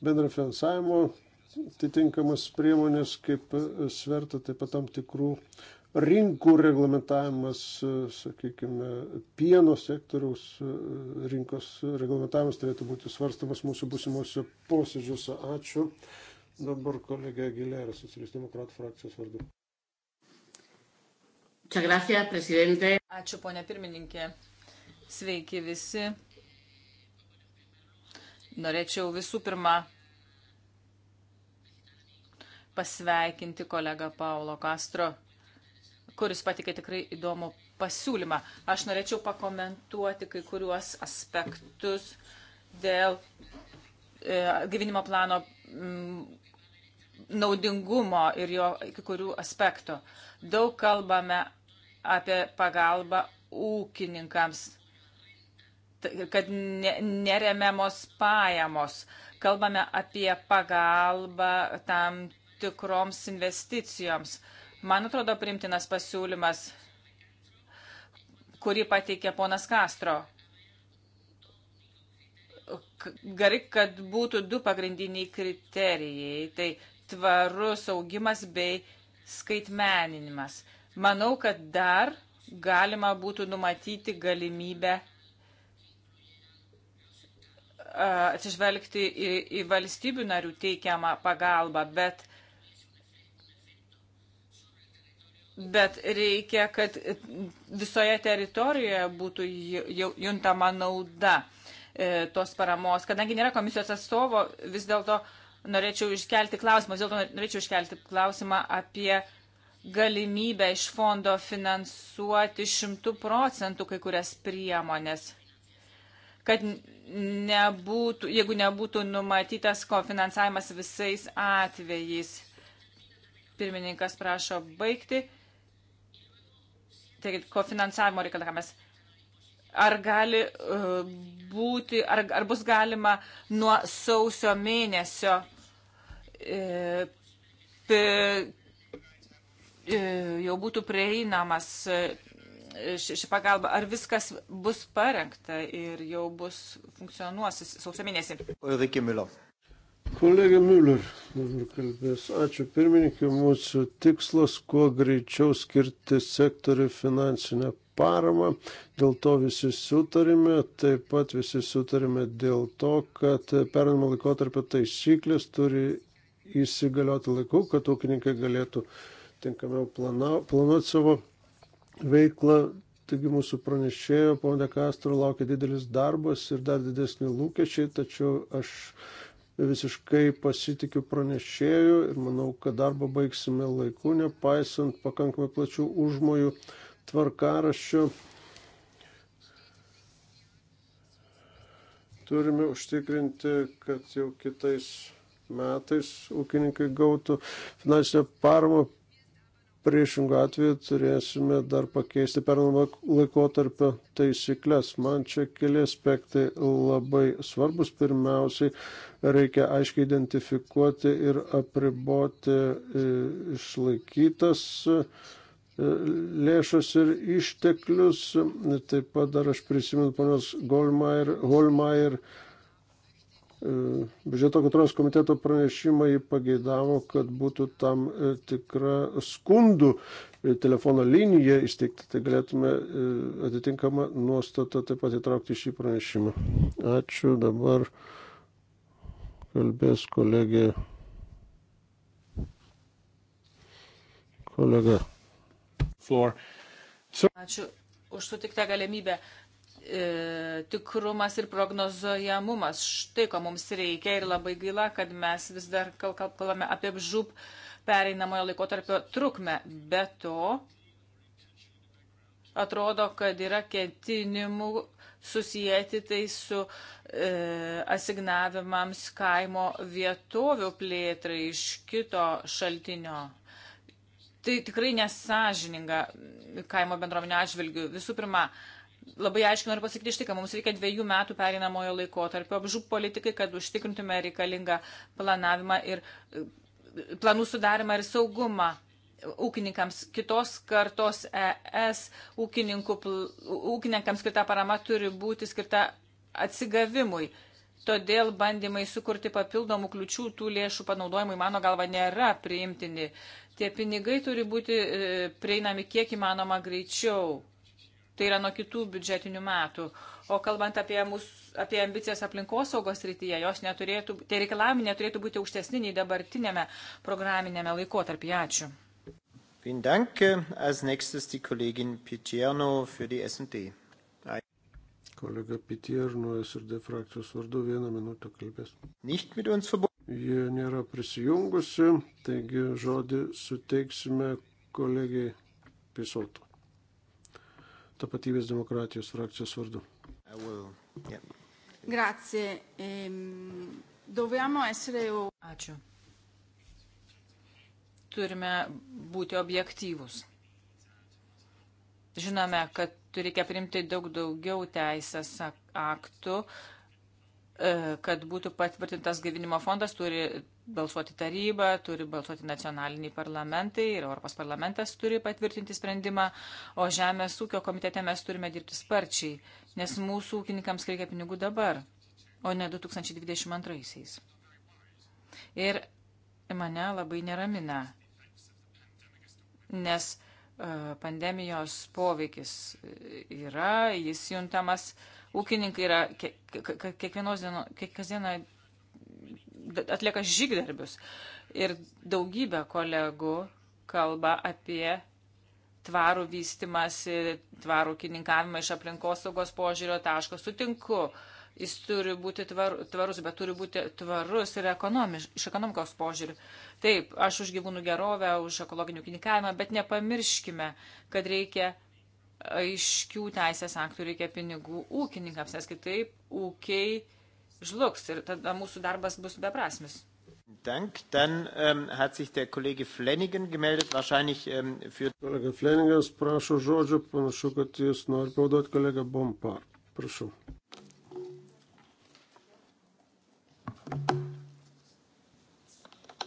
bendro finansavimo atitinkamas priemonės kaip sverta, taip pat tam tikrų rinkų reglamentavimas, sakykime, pieno sektoriaus rinkos reglamentavimas turėtų būti svarstamas mūsų būsimuose posėdžiuose. Ačiū. Dabar kolegė Gilera, socialistų demokratų frakcijos vardu. Ačiū, ponė pirmininkė. Sveiki visi. Norėčiau visų pirma pasveikinti kolegą Paulo Castro, kuris patikė tikrai įdomų pasiūlymą. Aš norėčiau pakomentuoti kai kuriuos aspektus dėl e, gyvenimo plano m, mm, naudingumo ir jo kai kurių aspektų. Daug kalbame apie pagalbą ūkininkams kad ne, neremiamos pajamos. Kalbame apie pagalbą tam tikroms investicijoms. Man atrodo primtinas pasiūlymas, kurį pateikė ponas Kastro. Gerai, kad būtų du pagrindiniai kriterijai. Tai tvarus augimas bei skaitmeninimas. Manau, kad dar galima būtų numatyti galimybę atsižvelgti į, į valstybių narių teikiamą pagalbą, bet, bet reikia, kad visoje teritorijoje būtų juntama nauda e, tos paramos. Kadangi nėra komisijos atstovo, vis dėlto norėčiau iškelti klausimą, vis dėlto norėčiau iškelti klausimą apie galimybę iš fondo finansuoti šimtų procentų kai kurias priemonės kad nebūtų, jeigu nebūtų numatytas kofinansavimas visais atvejais. Pirmininkas prašo baigti. Taigi, kofinansavimo reikalavimas. Ar gali uh, būti, ar, ar bus galima nuo sausio mėnesio uh, p, uh, jau būtų prieinamas. Uh, ši, ši pagalba, ar viskas bus parengta ir jau bus funkcionuos sausio mėnesį. Ulrike Müller. Kolegė Müller, dabar kalbės. Ačiū pirmininkė, mūsų tikslas kuo greičiau skirti sektoriui finansinę paramą. Dėl to visi sutarime, taip pat visi sutarime dėl to, kad pernamo laikotarpio taisyklės turi įsigalioti laiku, kad ūkininkai galėtų tinkamiau planuoti savo veiklą. Taigi mūsų pranešėjo, ponė Kastro, laukia didelis darbas ir dar didesni lūkesčiai, tačiau aš visiškai pasitikiu pranešėjų ir manau, kad darbą baigsime laiku, nepaisant pakankamai plačių užmojų tvarkaraščių. Turime užtikrinti, kad jau kitais metais ūkininkai gautų finansinę paramą Priešingų atveju turėsime dar pakeisti pernamo laikotarpio taisyklės. Man čia keli aspektai labai svarbus. Pirmiausiai, reikia aiškiai identifikuoti ir apriboti e, išlaikytas e, lėšas ir išteklius. Taip pat dar aš prisimenu panos Golmair, Holmair Biudžeto kontrolės komiteto pranešimą jį pageidavo, kad būtų tam e, tikra skundų e, telefono linija įsteigta, tai galėtume e, atitinkamą nuostatą taip pat įtraukti šį pranešimą. Ačiū, dabar kalbės kolegė. Kolega. Floor. So... Ačiū už sutiktą galimybę. E, tikrumas ir prognozojamumas. Štai ko mums reikia ir labai gaila, kad mes vis dar kalbame apie žūp pereinamojo laikotarpio trukmę. Be to, atrodo, kad yra ketinimų susijęti tai su e, asignavimams kaimo vietovių plėtrai iš kito šaltinio. Tai tikrai nesažininga kaimo bendruomenio atžvilgių. Visų pirma, e, labai aiškiai noriu pasakyti štai, kad mums reikia dviejų metų perinamojo laiko tarp apžų politikai, kad užtikrintume reikalingą planavimą ir e, planų sudarimą ir saugumą ūkininkams. Kitos kartos ES ūkininkams skirta parama turi būti skirta atsigavimui. Todėl bandymai sukurti papildomų kliučių tų lėšų panaudojimui, mano galva, nėra priimtini. Tie pinigai turi būti e, prieinami kiek įmanoma greičiau. Tai yra nuo kitų biudžetinių metų. O kalbant apie, mūsų, apie ambicijas aplinkosaugos rytyje, jos neturėtų, tie reikalavimai neturėtų būti aukštesni nei dabartinėme programinėme laikotarpyje. Ačiū. Vielen Dank. Als nächstes die Kollegin Picierno für die SD. Kolega Pitierno, SD frakcijos vardu, vieną minutę kalbės. Nicht mit uns verbunden. Ji nėra prisijungusi, taigi žodį suteiksime kolegiai Pisoto tapatybės demokratijos frakcijos vardu. Yeah. Grazie. Ehm, dovevamo essere... Ačiū. Turime būti objektyvus. Žinome, kad reikia primti daug daugiau teisės aktų, e, kad būtų patvirtintas gyvenimo fondas, turi balsuoti taryba, turi balsuoti nacionaliniai parlamentai ir Europos parlamentas turi patvirtinti sprendimą, o Žemės ūkio komitete mes turime dirbti sparčiai, nes mūsų ūkininkams reikia pinigų dabar, o ne 2022-aisiais. Ir mane labai neramina, nes e, pandemijos poveikis e, yra, jis juntamas, ūkininkai yra kiekvienos dienos, kiekvieną atlieka žygdarbius. Ir daugybė kolegų kalba apie tvarų vystimąsi, tvarų kininkavimą iš aplinkosaugos požiūrio taško. Sutinku, jis turi būti tvar, tvarus, bet turi būti tvarus ir ekonomiš, iš ekonomikos požiūrių. Taip, aš už gyvūnų gerovę, už ekologinių kininkavimą, bet nepamirškime, kad reikia aiškių teisės aktų, reikia pinigų ūkininkams, nes kitaip ūkiai žlugs ir tada mūsų darbas bus beprasmis. Dank. Dann ähm, hat sich der Kollege Flanagan gemeldet, wahrscheinlich ähm, für. Kollege Flanagan, prašau žodžio, panašu, kad jis nori pavaduoti kolegą Bompar. Prašau.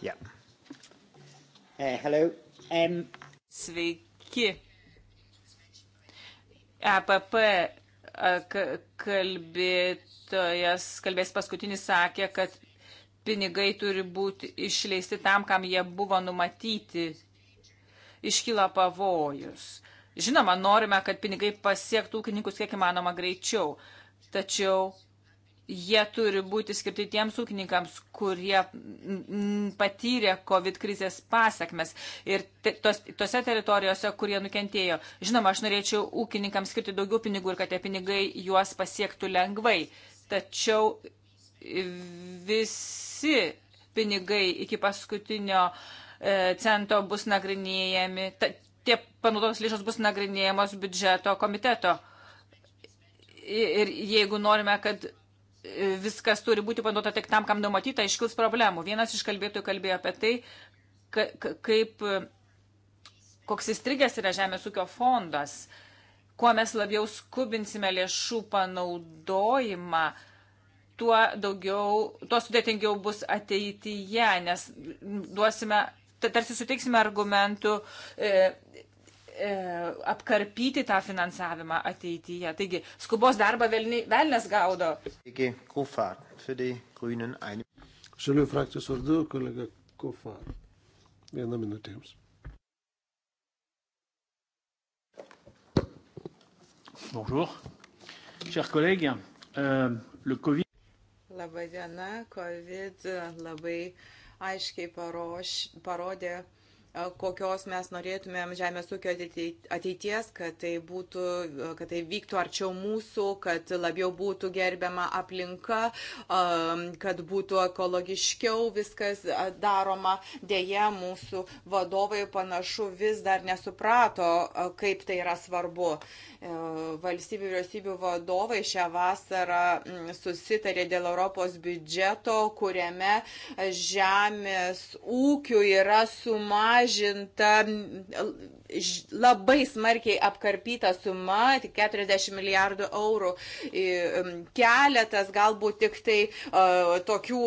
Yeah. Uh, hello. Um... Sveiki. EPP kalbėtojas, kalbės paskutinis, sakė, kad pinigai turi būti išleisti tam, kam jie buvo numatyti. Iškyla pavojus. Žinoma, norime, kad pinigai pasiektų ūkininkus kiek įmanoma greičiau. Tačiau jie turi būti skirti tiems ūkininkams, kurie patyrė COVID krizės pasakmes ir tos, tose teritorijose, kurie nukentėjo. Žinoma, aš norėčiau ūkininkams skirti daugiau pinigų ir kad tie pinigai juos pasiektų lengvai. Tačiau visi pinigai iki paskutinio e, cento bus nagrinėjami, ta, tie panaudotos lėšos bus nagrinėjamos biudžeto komiteto. Ir jeigu norime, kad viskas turi būti panduota tik tam, kam numatyta, iškils problemų. Vienas iš kalbėtojų kalbėjo apie tai, ka, ka, kaip, koks įstrigęs yra Žemės ūkio fondas, kuo mes labiau skubinsime lėšų panaudojimą, tuo, daugiau, tuo sudėtingiau bus ateityje, nes duosime, tarsi suteiksime argumentų e, E, apkarpyti tą finansavimą ateityje. Taigi, skubos darbą velnės gaudo. Žaliųjų frakcijos vardu kolega Kufar. Vieną minutę jums. Bonjour. Chers collègues, euh, le COVID. Labai diena, COVID labai aiškiai paroš, parodė, kokios mes norėtumėm žemės ūkio ateities, kad tai, būtų, kad tai vyktų arčiau mūsų, kad labiau būtų gerbiama aplinka, kad būtų ekologiškiau viskas daroma. Deja, mūsų vadovai panašu vis dar nesuprato, kaip tai yra svarbu. E, valstybių vyriausybių vadovai šią vasarą susitarė dėl Europos biudžeto, kuriame žemės ūkių yra sumažinti sumažinta labai smarkiai apkarpyta suma, tik 40 milijardų eurų. Keletas galbūt tik tai tokių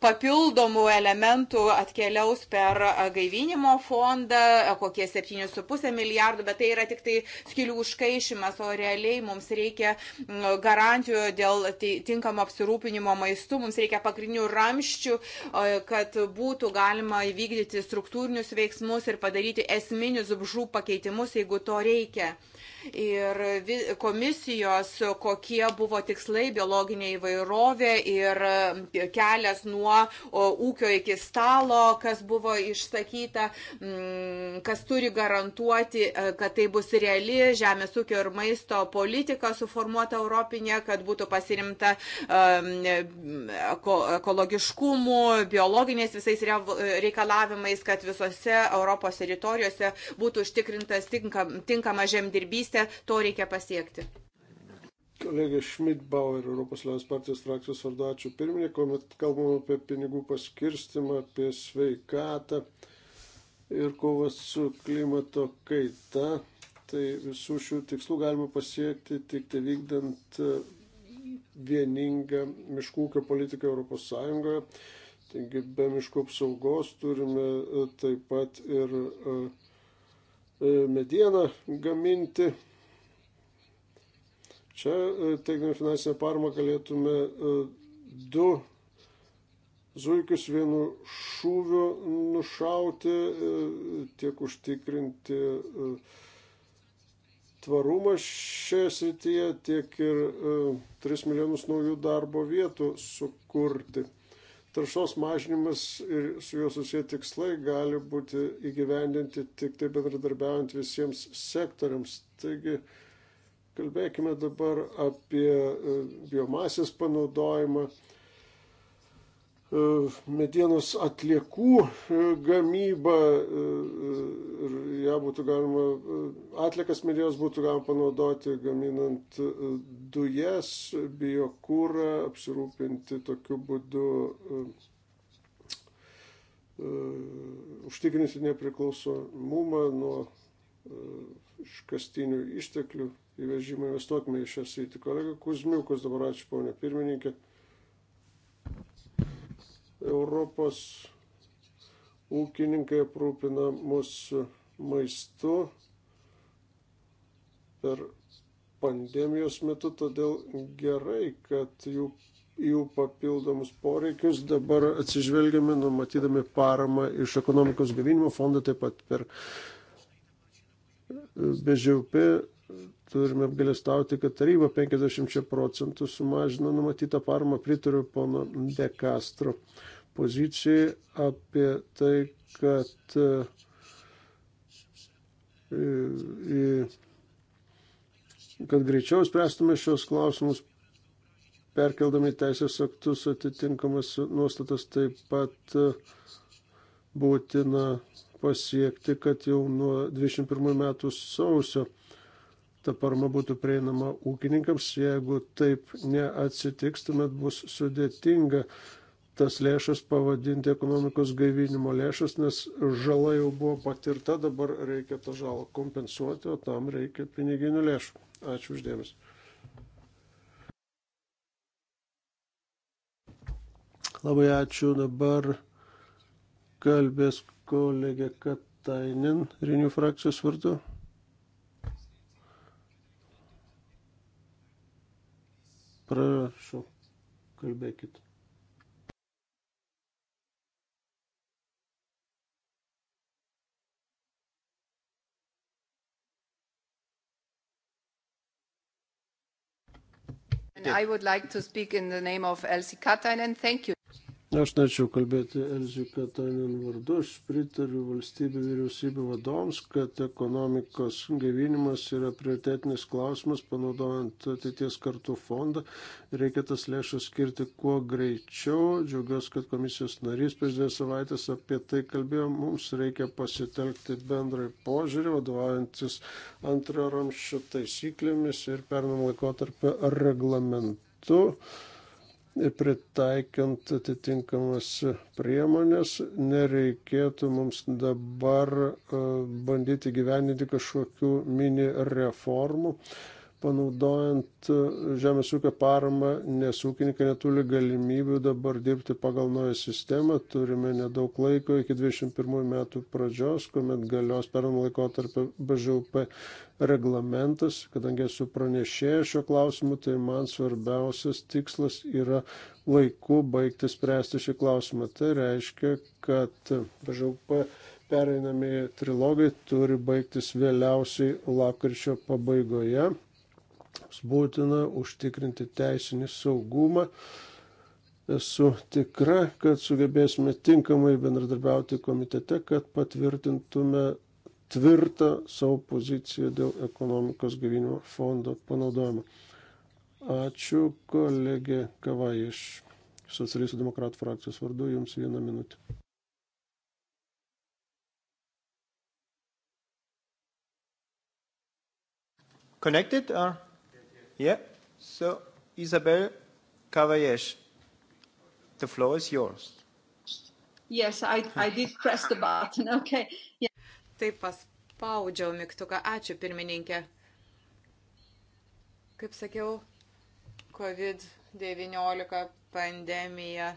papildomų elementų atkeliaus per gaivinimo fondą, kokie 7,5 milijardų, bet tai yra tik tai skilių užkaišimas, o realiai mums reikia garantijų dėl tinkamo apsirūpinimo maistu, mums reikia pagrindinių ramščių, kad būtų galima įvykdyti struktūrinius veiksmus ir padaryti esminius bžų pakeitimus, jeigu to reikia ir komisijos, kokie buvo tikslai biologinė įvairovė ir e, kelias nuo ūkio iki stalo, kas buvo išsakyta, mm, kas turi garantuoti, e, kad tai bus reali žemės ūkio ir maisto politika suformuota Europinė, kad būtų pasirimta ekologiškumu, biologinės visais reikalavimais, kad visose Europos teritorijose būtų užtikrintas tinkama žemdirbystė narėse to reikia pasiekti. Kolegė Šmitbauer, Europos Liaudės partijos frakcijos vardu, ačiū pirmininkė, kuomet kalbam apie pinigų paskirstimą, apie sveikatą ir kovas su klimato kaita, tai visų šių tikslų galima pasiekti tik tai vykdant e, vieningą miškų ūkio politiką Europos Sąjungoje. Taigi be miškų apsaugos turime e, taip pat ir uh, E, medieną gaminti. Čia, e, teikdami finansinę paramą, galėtume e, du zuikius vienu šūviu nušauti, tiek užtikrinti tvarumą šioje srityje, tiek ir 3 milijonus naujų darbo vietų sukurti. Taršos mažinimas ir su juo susiję tikslai gali būti įgyvendinti tik tai bendradarbiaujant visiems sektoriams. Taigi, kalbėkime dabar apie e, biomasės panaudojimą E, medienos atliekų e, gamybą e, ir ją būtų galima, atliekas medienos būtų galima panaudoti gaminant dujas, biokūrą, apsirūpinti tokiu būdu, užtikrinti nepriklausomumą nuo iškastinių išteklių įvežimą, investuokime į šią sritį. Kolega Kuzmiukas, dabar ačiū ponė pirmininkė. Europos ūkininkai aprūpina mūsų maistu per pandemijos metu, todėl gerai, kad jų, jų papildomus poreikius dabar atsižvelgiame, numatydami paramą iš ekonomikos gavinimo fondo, taip pat per e, BŽUP turime apgalėstauti, kad taryba 50 procentų sumažino numatytą paramą, pritariu pono De Castro. Uh, pozicijai apie tai, kad į e, e, kad greičiau spręstume šios klausimus, perkeldami teisės aktus atitinkamas nuostatas taip pat e, būtina pasiekti, kad jau nuo 21 metų sausio ta parama būtų prieinama ūkininkams. Jeigu taip neatsitiks, tuomet bus sudėtinga tas lėšas pavadinti ekonomikos gaivinimo lėšas, nes žala jau buvo patirta, dabar reikia tą žalą kompensuoti, o tam reikia piniginių lėšų. Ačiū uždėmesi. Labai ačiū. Dabar kalbės kolegė Katainin, Rinių frakcijos vardu. Prašau, kalbėkite. Like Elsi Katainen, thank you. Aš norėčiau kalbėti Elzi Katanin vardu. Aš pritariu valstybių vyriausybių vadoms, kad ekonomikos gaivinimas yra prioritetinis klausimas, panaudojant ateities kartų fondą. Reikia tas lėšas skirti kuo greičiau. Džiaugiuosi, kad komisijos narys prieš dvi savaitės apie tai kalbėjo. Mums reikia pasitelkti bendrai požiūrį, vadovaujantis antrojo ramščio taisyklėmis ir pernam laikotarpio reglamentu ir pritaikant atitinkamas priemonės, nereikėtų mums dabar e, bandyti gyveninti kažkokių mini reformų, panaudojant e, žemės ūkio paramą, nes ūkininkai neturi galimybių dabar dirbti pagal naują sistemą. Turime nedaug laiko iki 21 metų pradžios, kuomet galios pernamo laikotarpio BŽUP reglamentas. Kadangi esu pranešėjęs šio klausimu, tai man svarbiausias tikslas yra laiku baigti spręsti šį klausimą. Tai reiškia, kad BŽUP pereinami trilogai turi baigtis vėliausiai lapkričio pabaigoje. Mums būtina užtikrinti teisinį saugumą. Esu tikra, kad sugebėsime tinkamai bendradarbiauti komitete, kad patvirtintume tvirtą savo poziciją dėl ekonomikos gyvinimo fondo panaudojimo. Ačiū kolegė Kava iš Socialistų demokratų frakcijos vardu. Jums vieną minutę. Connected or? Yeah? So, Isabel Cavayesh, the floor is yours. Yes, I, I did press the button. [laughs] Okay. Yeah. Taip paspaudžiau mygtuką. Ačiū, pirmininkė. Kaip sakiau, COVID-19 pandemija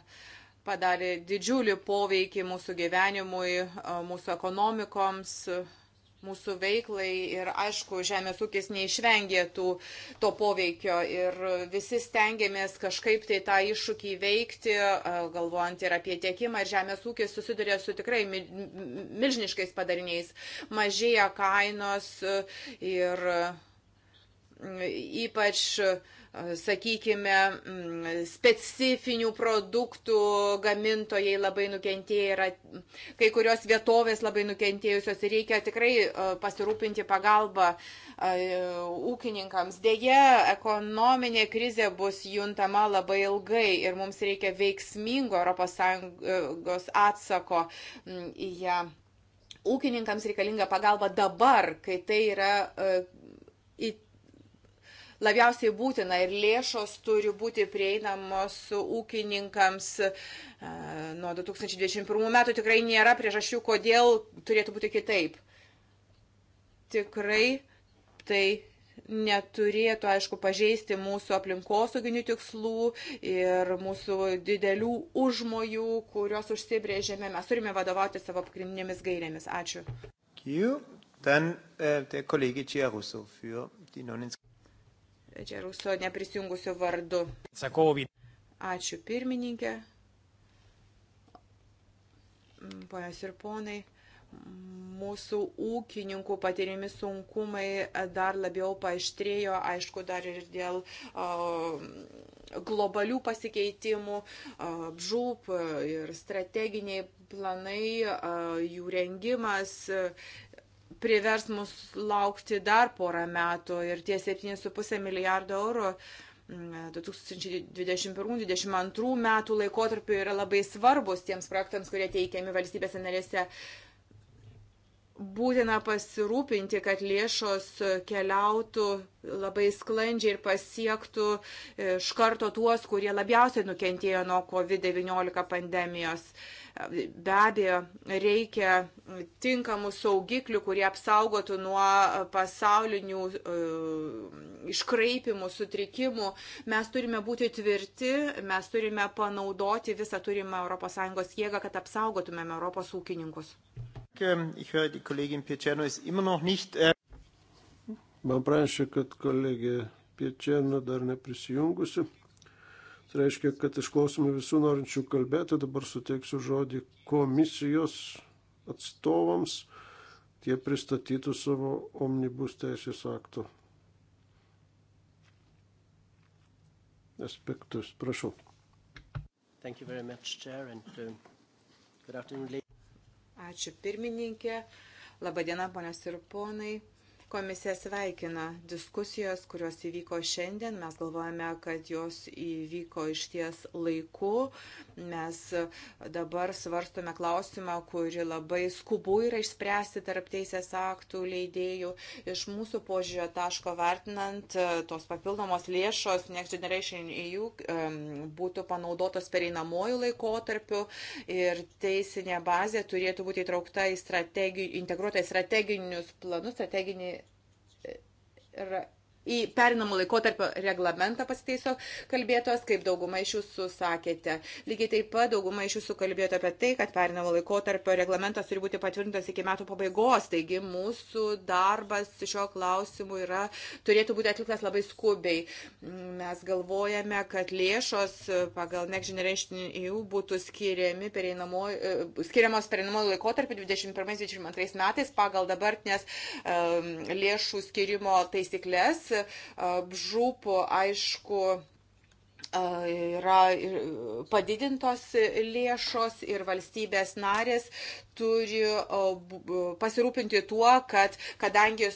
padarė didžiulį poveikį mūsų gyvenimui, mūsų ekonomikoms, mūsų veiklai ir aišku, žemės ūkis neišvengė tų, to poveikio ir visi stengiamės kažkaip tai tą iššūkį veikti, galvojant ir apie tiekimą ir žemės ūkis susiduria su tikrai milžiniškais padariniais, mažėja kainos ir ypač sakykime, mm, specifinių produktų gamintojai labai nukentėję yra, kai kurios vietovės labai nukentėjusios ir reikia tikrai e, pasirūpinti pagalbą e, ūkininkams. Deja, ekonominė krizė bus juntama labai ilgai ir mums reikia veiksmingo ES atsako mm, į ją. Ūkininkams reikalinga pagalba dabar, kai tai yra e, labiausiai būtina ir lėšos turi būti prieinamos ūkininkams. E, nuo 2021 metų tikrai nėra priežasčių, kodėl turėtų būti kitaip. Tikrai tai neturėtų, aišku, pažeisti mūsų aplinkosauginių tikslų ir mūsų didelių užmojų, kuriuos užsibrėžėme. Mes turime vadovauti savo pagrindinėmis gairėmis. Ačiū. Then, uh, der Kollege Giaruso für die non čia Ruso neprisijungusiu vardu. Sakovį. Ačiū pirmininkė. Ponios ir ponai, mūsų ūkininkų patiriami sunkumai dar labiau paaištrėjo, aišku, dar ir dėl o, globalių pasikeitimų, o, žūp ir strateginiai planai, jų rengimas privers mus laukti dar porą metų ir tie 7,5 milijardo eurų 2021-2022 metų laikotarpiu yra labai svarbus tiems projektams, kurie teikiami valstybėse narėse. Uh, būtina pasirūpinti, kad lėšos keliautų labai sklandžiai ir pasiektų e, iš karto tuos, kurie labiausiai nukentėjo nuo COVID-19 pandemijos. Be abejo, reikia tinkamų saugiklių, kurie apsaugotų nuo pasaulinių e, iškraipimų, sutrikimų. Mes turime būti tvirti, mes turime panaudoti visą turimą ES jėgą, kad apsaugotumėm Europos ūkininkus. Ich höre, die Kollegin Picerno ist immer noch nicht. Äh, Man pranešė, kad kolegė Piečerna dar neprisijungusi. Tai reiškia, kad išklausome visų norinčių kalbėti. Dabar suteiksiu žodį komisijos atstovams. Tie pristatytų savo omnibus teisės akto aspektus. Prašau. Much, Chair, and, uh, Ačiū pirmininkė. Labadiena, ponios ir ponai. Komisija sveikina diskusijas, kurios įvyko šiandien. Mes galvojame, kad jos įvyko iš ties laiku. Mes dabar svarstome klausimą, kuri labai skubu yra išspręsti tarp teisės aktų leidėjų. Iš mūsų požiūrio taško vertinant, tos papildomos lėšos Next Generation EU būtų panaudotos pereinamojų laikotarpių ir teisinė bazė turėtų būti įtraukta į strategi, integruotą į strateginius planus, strateginį yra į perinamų laikotarpio reglamentą pasiteiso kalbėtojas, kaip dauguma iš jūsų sakėte. Lygiai taip pat dauguma iš jūsų kalbėjote apie tai, kad perinamų laikotarpio reglamentas turi būti patvirtintas iki metų pabaigos. Taigi mūsų darbas šiuo klausimu yra, turėtų būti atliktas labai skubiai. Mes galvojame, kad lėšos pagal Next Generation EU būtų skiriami pereinamo, skiriamos pereinamo laikotarpio 21-22 metais pagal dabartinės lėšų skirimo taisyklės žūp, aišku, yra padidintos lėšos ir valstybės narės turi pasirūpinti tuo, kad kadangi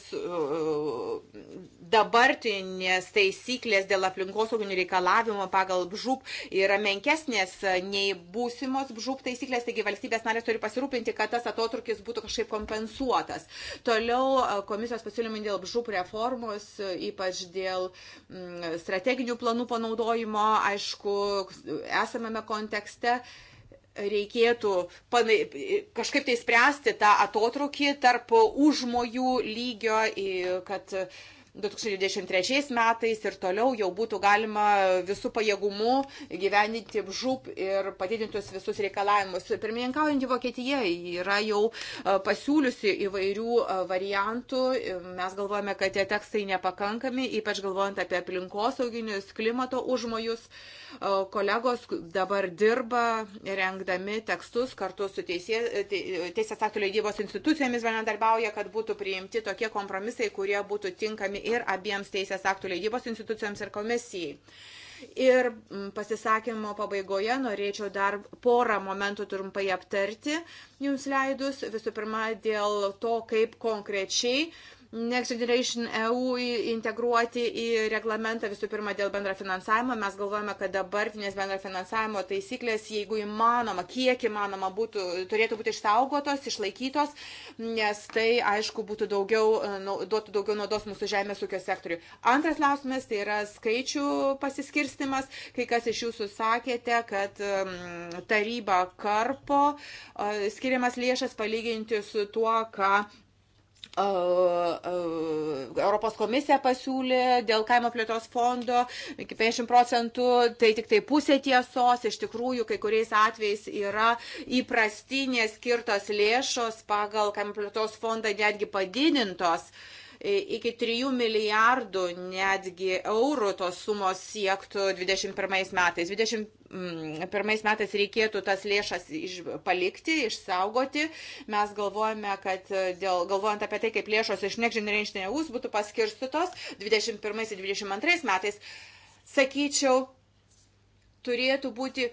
dabartinės taisyklės dėl aplinkosauginių reikalavimų pagal BŽUP yra menkesnės nei būsimos BŽUP taisyklės, taigi valstybės narės turi pasirūpinti, kad tas atotrukis būtų kažkaip kompensuotas. Toliau komisijos pasiūlymai dėl BŽUP reformos, ypač dėl mm, strateginių planų panaudojimo, aišku, esamame kontekste reikėtų panai, kažkaip tai spręsti tą atotrukį tarp užmojų lygio, kad 2023 metais ir toliau jau būtų galima visų pajėgumų gyveninti žūp ir padidintus visus reikalavimus. Pirmininkaujantį Vokietiją yra jau e, pasiūliusi įvairių e, variantų. Mes galvojame, kad tie tekstai nepakankami, ypač galvojant apie aplinkosauginius, klimato užmojus. E, kolegos dabar dirba rengdami tekstus kartu su teisė, te, teisės aktų leidybos institucijomis bendradarbiauja, kad būtų priimti tokie kompromisai, kurie būtų tinkami ir abiems teisės aktų leidybos institucijoms ir komisijai. Ir mm, pasisakymo pabaigoje norėčiau dar porą momentų trumpai aptarti, jums leidus. Visų pirma, dėl to, kaip konkrečiai Next Generation EU integruoti į reglamentą visų pirma dėl bendrafinansavimo. Mes galvojame, kad dabartinės bendrafinansavimo taisyklės, jeigu įmanoma, kiek įmanoma, būtų, turėtų būti išsaugotos, išlaikytos, nes tai, aišku, būtų daugiau, e, duotų daugiau naudos mūsų žemės ūkio sektoriui. Antras klausimas tai yra skaičių pasiskirstimas. Kai kas iš jūsų sakėte, kad taryba karpo e, skiriamas lėšas palyginti su tuo, ką Europos komisija pasiūlė dėl kaimo plėtos fondo iki 50 procentų, tai tik tai pusė tiesos, iš tikrųjų kai kuriais atvejais yra įprastinės skirtos lėšos pagal kaimo plėtos fondą netgi padidintos iki 3 milijardų netgi eurų tos sumos siektų 21 metais. 20, Mm, pirmais metais reikėtų tas lėšas iš, palikti, išsaugoti. Mes galvojame, kad e, dėl, galvojant apie tai, kaip lėšos iš Next Generation EU būtų paskirstytos 21-22 metais, sakyčiau, turėtų būti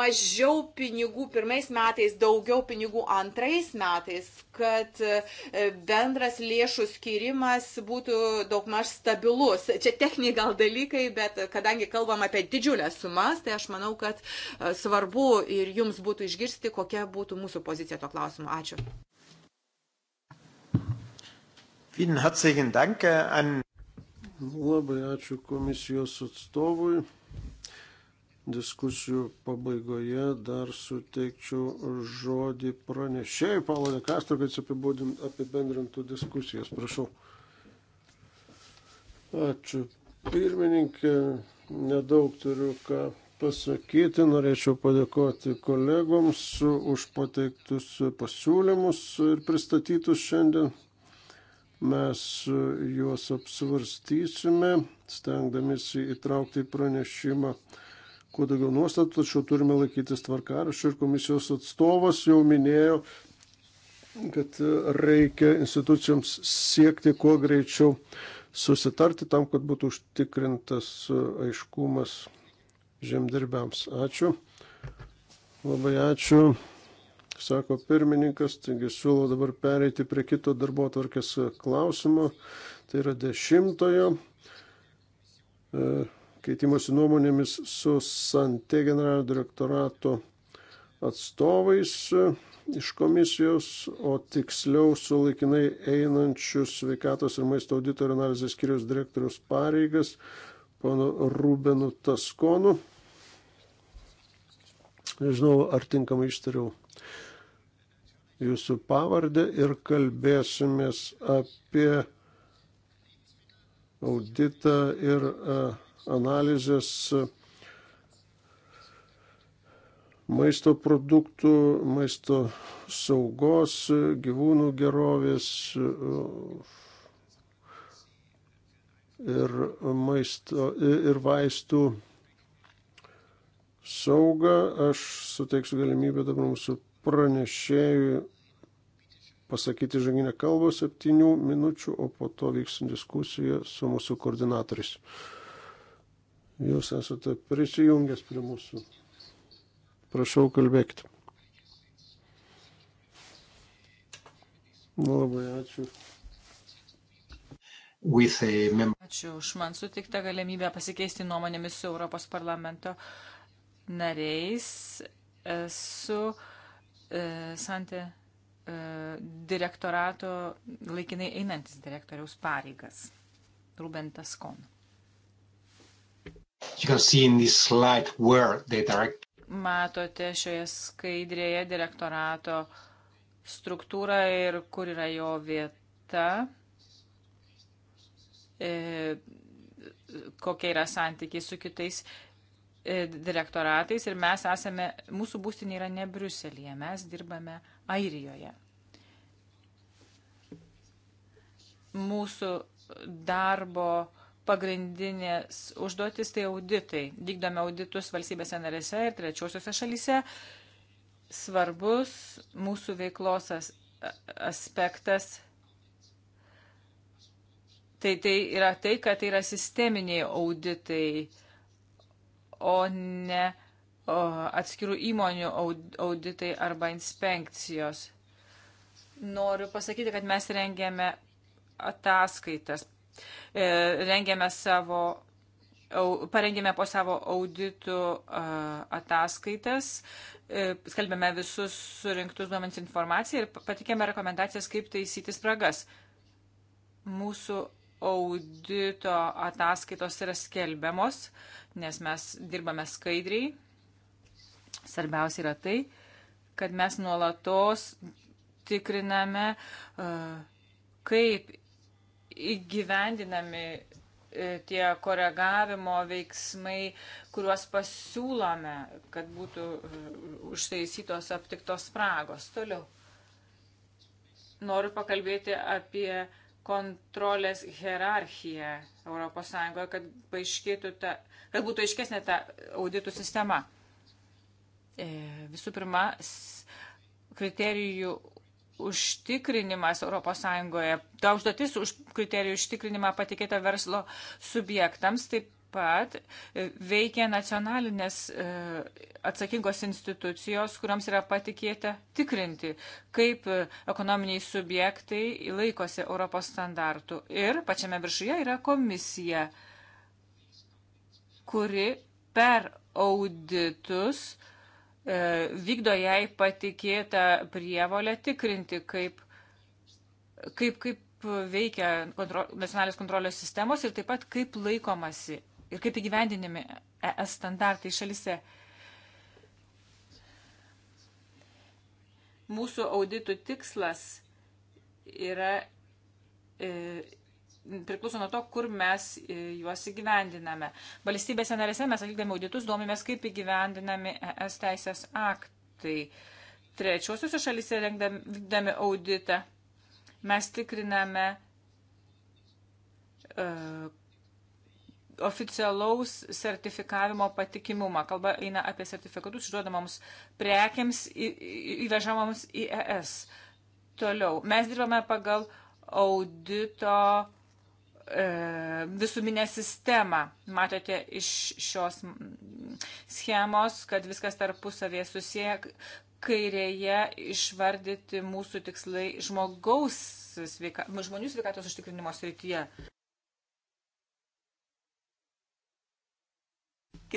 mažiau pinigų pirmais metais, daugiau pinigų antrais metais, kad e, bendras lėšų skirimas būtų daugmaž stabilus. Čia techniniai gal dalykai, bet kadangi kalbam apie didžiulę sumas, tai aš manau, kad e, svarbu ir jums būtų išgirsti, kokia būtų mūsų pozicija to klausimu. Ačiū. Vielen herzlichen Dank an. Labai ačiū komisijos atstovui diskusijų pabaigoje dar suteikčiau žodį pranešėjai Paulo Dekastro, kad jis apibendrintų diskusijas. Prašau. Ačiū. Pirmininkė, nedaug turiu ką pasakyti. Norėčiau padėkoti kolegoms už pateiktus pasiūlymus ir pristatytus šiandien. Mes juos apsvarstysime, stengdamėsi įtraukti į pranešimą kuo daugiau nuostatų, tačiau turime laikytis tvarkaraščių ir komisijos atstovas jau minėjo, kad reikia institucijoms siekti kuo greičiau susitarti tam, kad būtų užtikrintas aiškumas žemdirbiams. Ačiū. Labai ačiū, sako pirmininkas. Taigi siūlau dabar pereiti prie kito darbo tvarkės klausimo. Tai yra dešimtojo. E, keitimosi nuomonėmis su Sante generalinio direktorato atstovais e, iš komisijos, o tiksliau su laikinai einančiu sveikatos ir maisto audito ir analizės skyrius direktorius pareigas, pano Rubenu Taskonu. Nežinau, ar tinkamai ištariau jūsų pavardę ir kalbėsimės apie auditą ir uh, analizės maisto produktų, maisto saugos, gyvūnų gerovės ir, maisto, ir vaistų saugą. Aš suteiksiu galimybę dabar mūsų pranešėjui pasakyti žanginę kalbą septynių minučių, o po to vyks diskusija su mūsų koordinatoriais. Jūs esate prisijungęs prie mūsų. Prašau, kalbėkite. Labai ačiū. Ačiū už man sutiktą galimybę pasikeisti nuomonėmis su Europos parlamento nariais, su e, Santė e, direktorato laikinai einantis direktoriaus pareigas, Rubentas Kon. You can see in this slide where the direct matote šioje skaidrėje direktorato struktūrą ir kur yra jo vieta, e, kokie yra santykiai su kitais e, direktoratais ir mes esame, mūsų būstinė yra ne Briuselėje, mes dirbame Airijoje. Mūsų darbo uh, pagrindinės užduotis tai auditai. Vykdome auditus valstybėse narėse ir trečiosiuose šalyse. Svarbus mūsų veiklos as, aspektas. Tai, tai yra tai, kad tai yra sisteminiai auditai, o ne o, atskirų įmonių auditai arba inspekcijos. Noriu pasakyti, kad mes rengėme ataskaitas E, rengėme savo, parengėme po savo auditų e, ataskaitas, e, skalbėme visus surinktus duomenys informaciją ir patikėme rekomendacijas, kaip taisyti spragas. Mūsų audito ataskaitos yra skelbiamos, nes mes dirbame skaidriai. Svarbiausia yra tai, kad mes nuolatos tikriname, kaip įgyvendinami e, tie koregavimo veiksmai, kuriuos pasiūlome, kad būtų e, užtaisytos aptiktos spragos. Toliau. Noriu pakalbėti apie kontrolės hierarchiją ES, kad, ta, kad būtų aiškesnė ta auditų sistema. E, visų pirma, kriterijų užtikrinimas ES. Ta užduotis už kriterijų užtikrinimą patikėta verslo subjektams, taip pat e, veikia nacionalinės e, atsakingos institucijos, kuriams yra patikėta tikrinti, kaip e, ekonominiai subjektai laikosi Europos standartų. Ir pačiame viršuje yra komisija, kuri per auditus uh, E, vykdo jai patikėtą prievolę tikrinti, kaip, kaip, kaip veikia kontrol, nacionalinės kontrolės sistemos ir taip pat kaip laikomasi ir kaip įgyvendinami ES standartai šalise. Mūsų auditų tikslas yra e, priklauso nuo to, kur mes e, juos įgyvendiname. Valstybėse narėse mes atlikdami auditus duomėmės, kaip įgyvendinami ES teisės aktai. Trečiosiuose šalyse rengdami auditą mes tikriname uh, oficialaus sertifikavimo patikimumą. Kalba eina apie sertifikatus išduodamoms prekiams įvežamoms į ES. Toliau, mes dirbame pagal audito E, visuminę sistemą. Matote iš šios schemos, kad viskas tarpusavėje susiję. Kairėje išvardyti mūsų tikslai žmogaus sveika, žmonių sveikatos užtikrinimo srityje.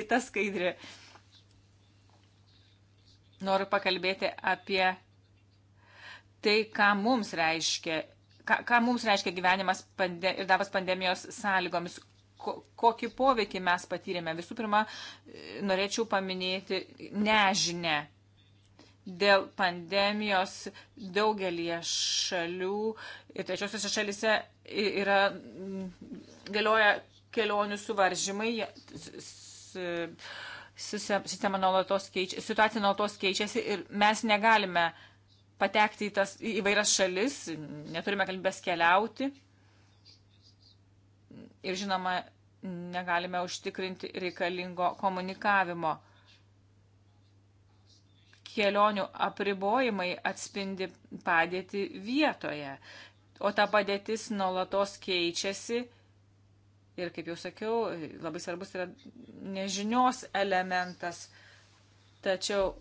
Kita skaidrė. Noriu pakalbėti apie tai, ką mums reiškia ką, ką mums reiškia gyvenimas pande, ir davas pandemijos sąlygomis, ko, kokį poveikį mes patyrėme. Visų pirma, norėčiau paminėti nežinę. Dėl pandemijos daugelie šalių ir trečiosiuose šalise yra, galioja kelionių suvaržymai, sistema nuolatos keičiasi, situacija nuolatos keičiasi ir mes negalime patekti į tas į įvairias šalis, neturime galimybės keliauti ir žinoma, negalime užtikrinti reikalingo komunikavimo. Kelionių apribojimai atspindi padėti vietoje, o ta padėtis nuolatos keičiasi ir, kaip jau sakiau, labai svarbus yra nežinios elementas. Tačiau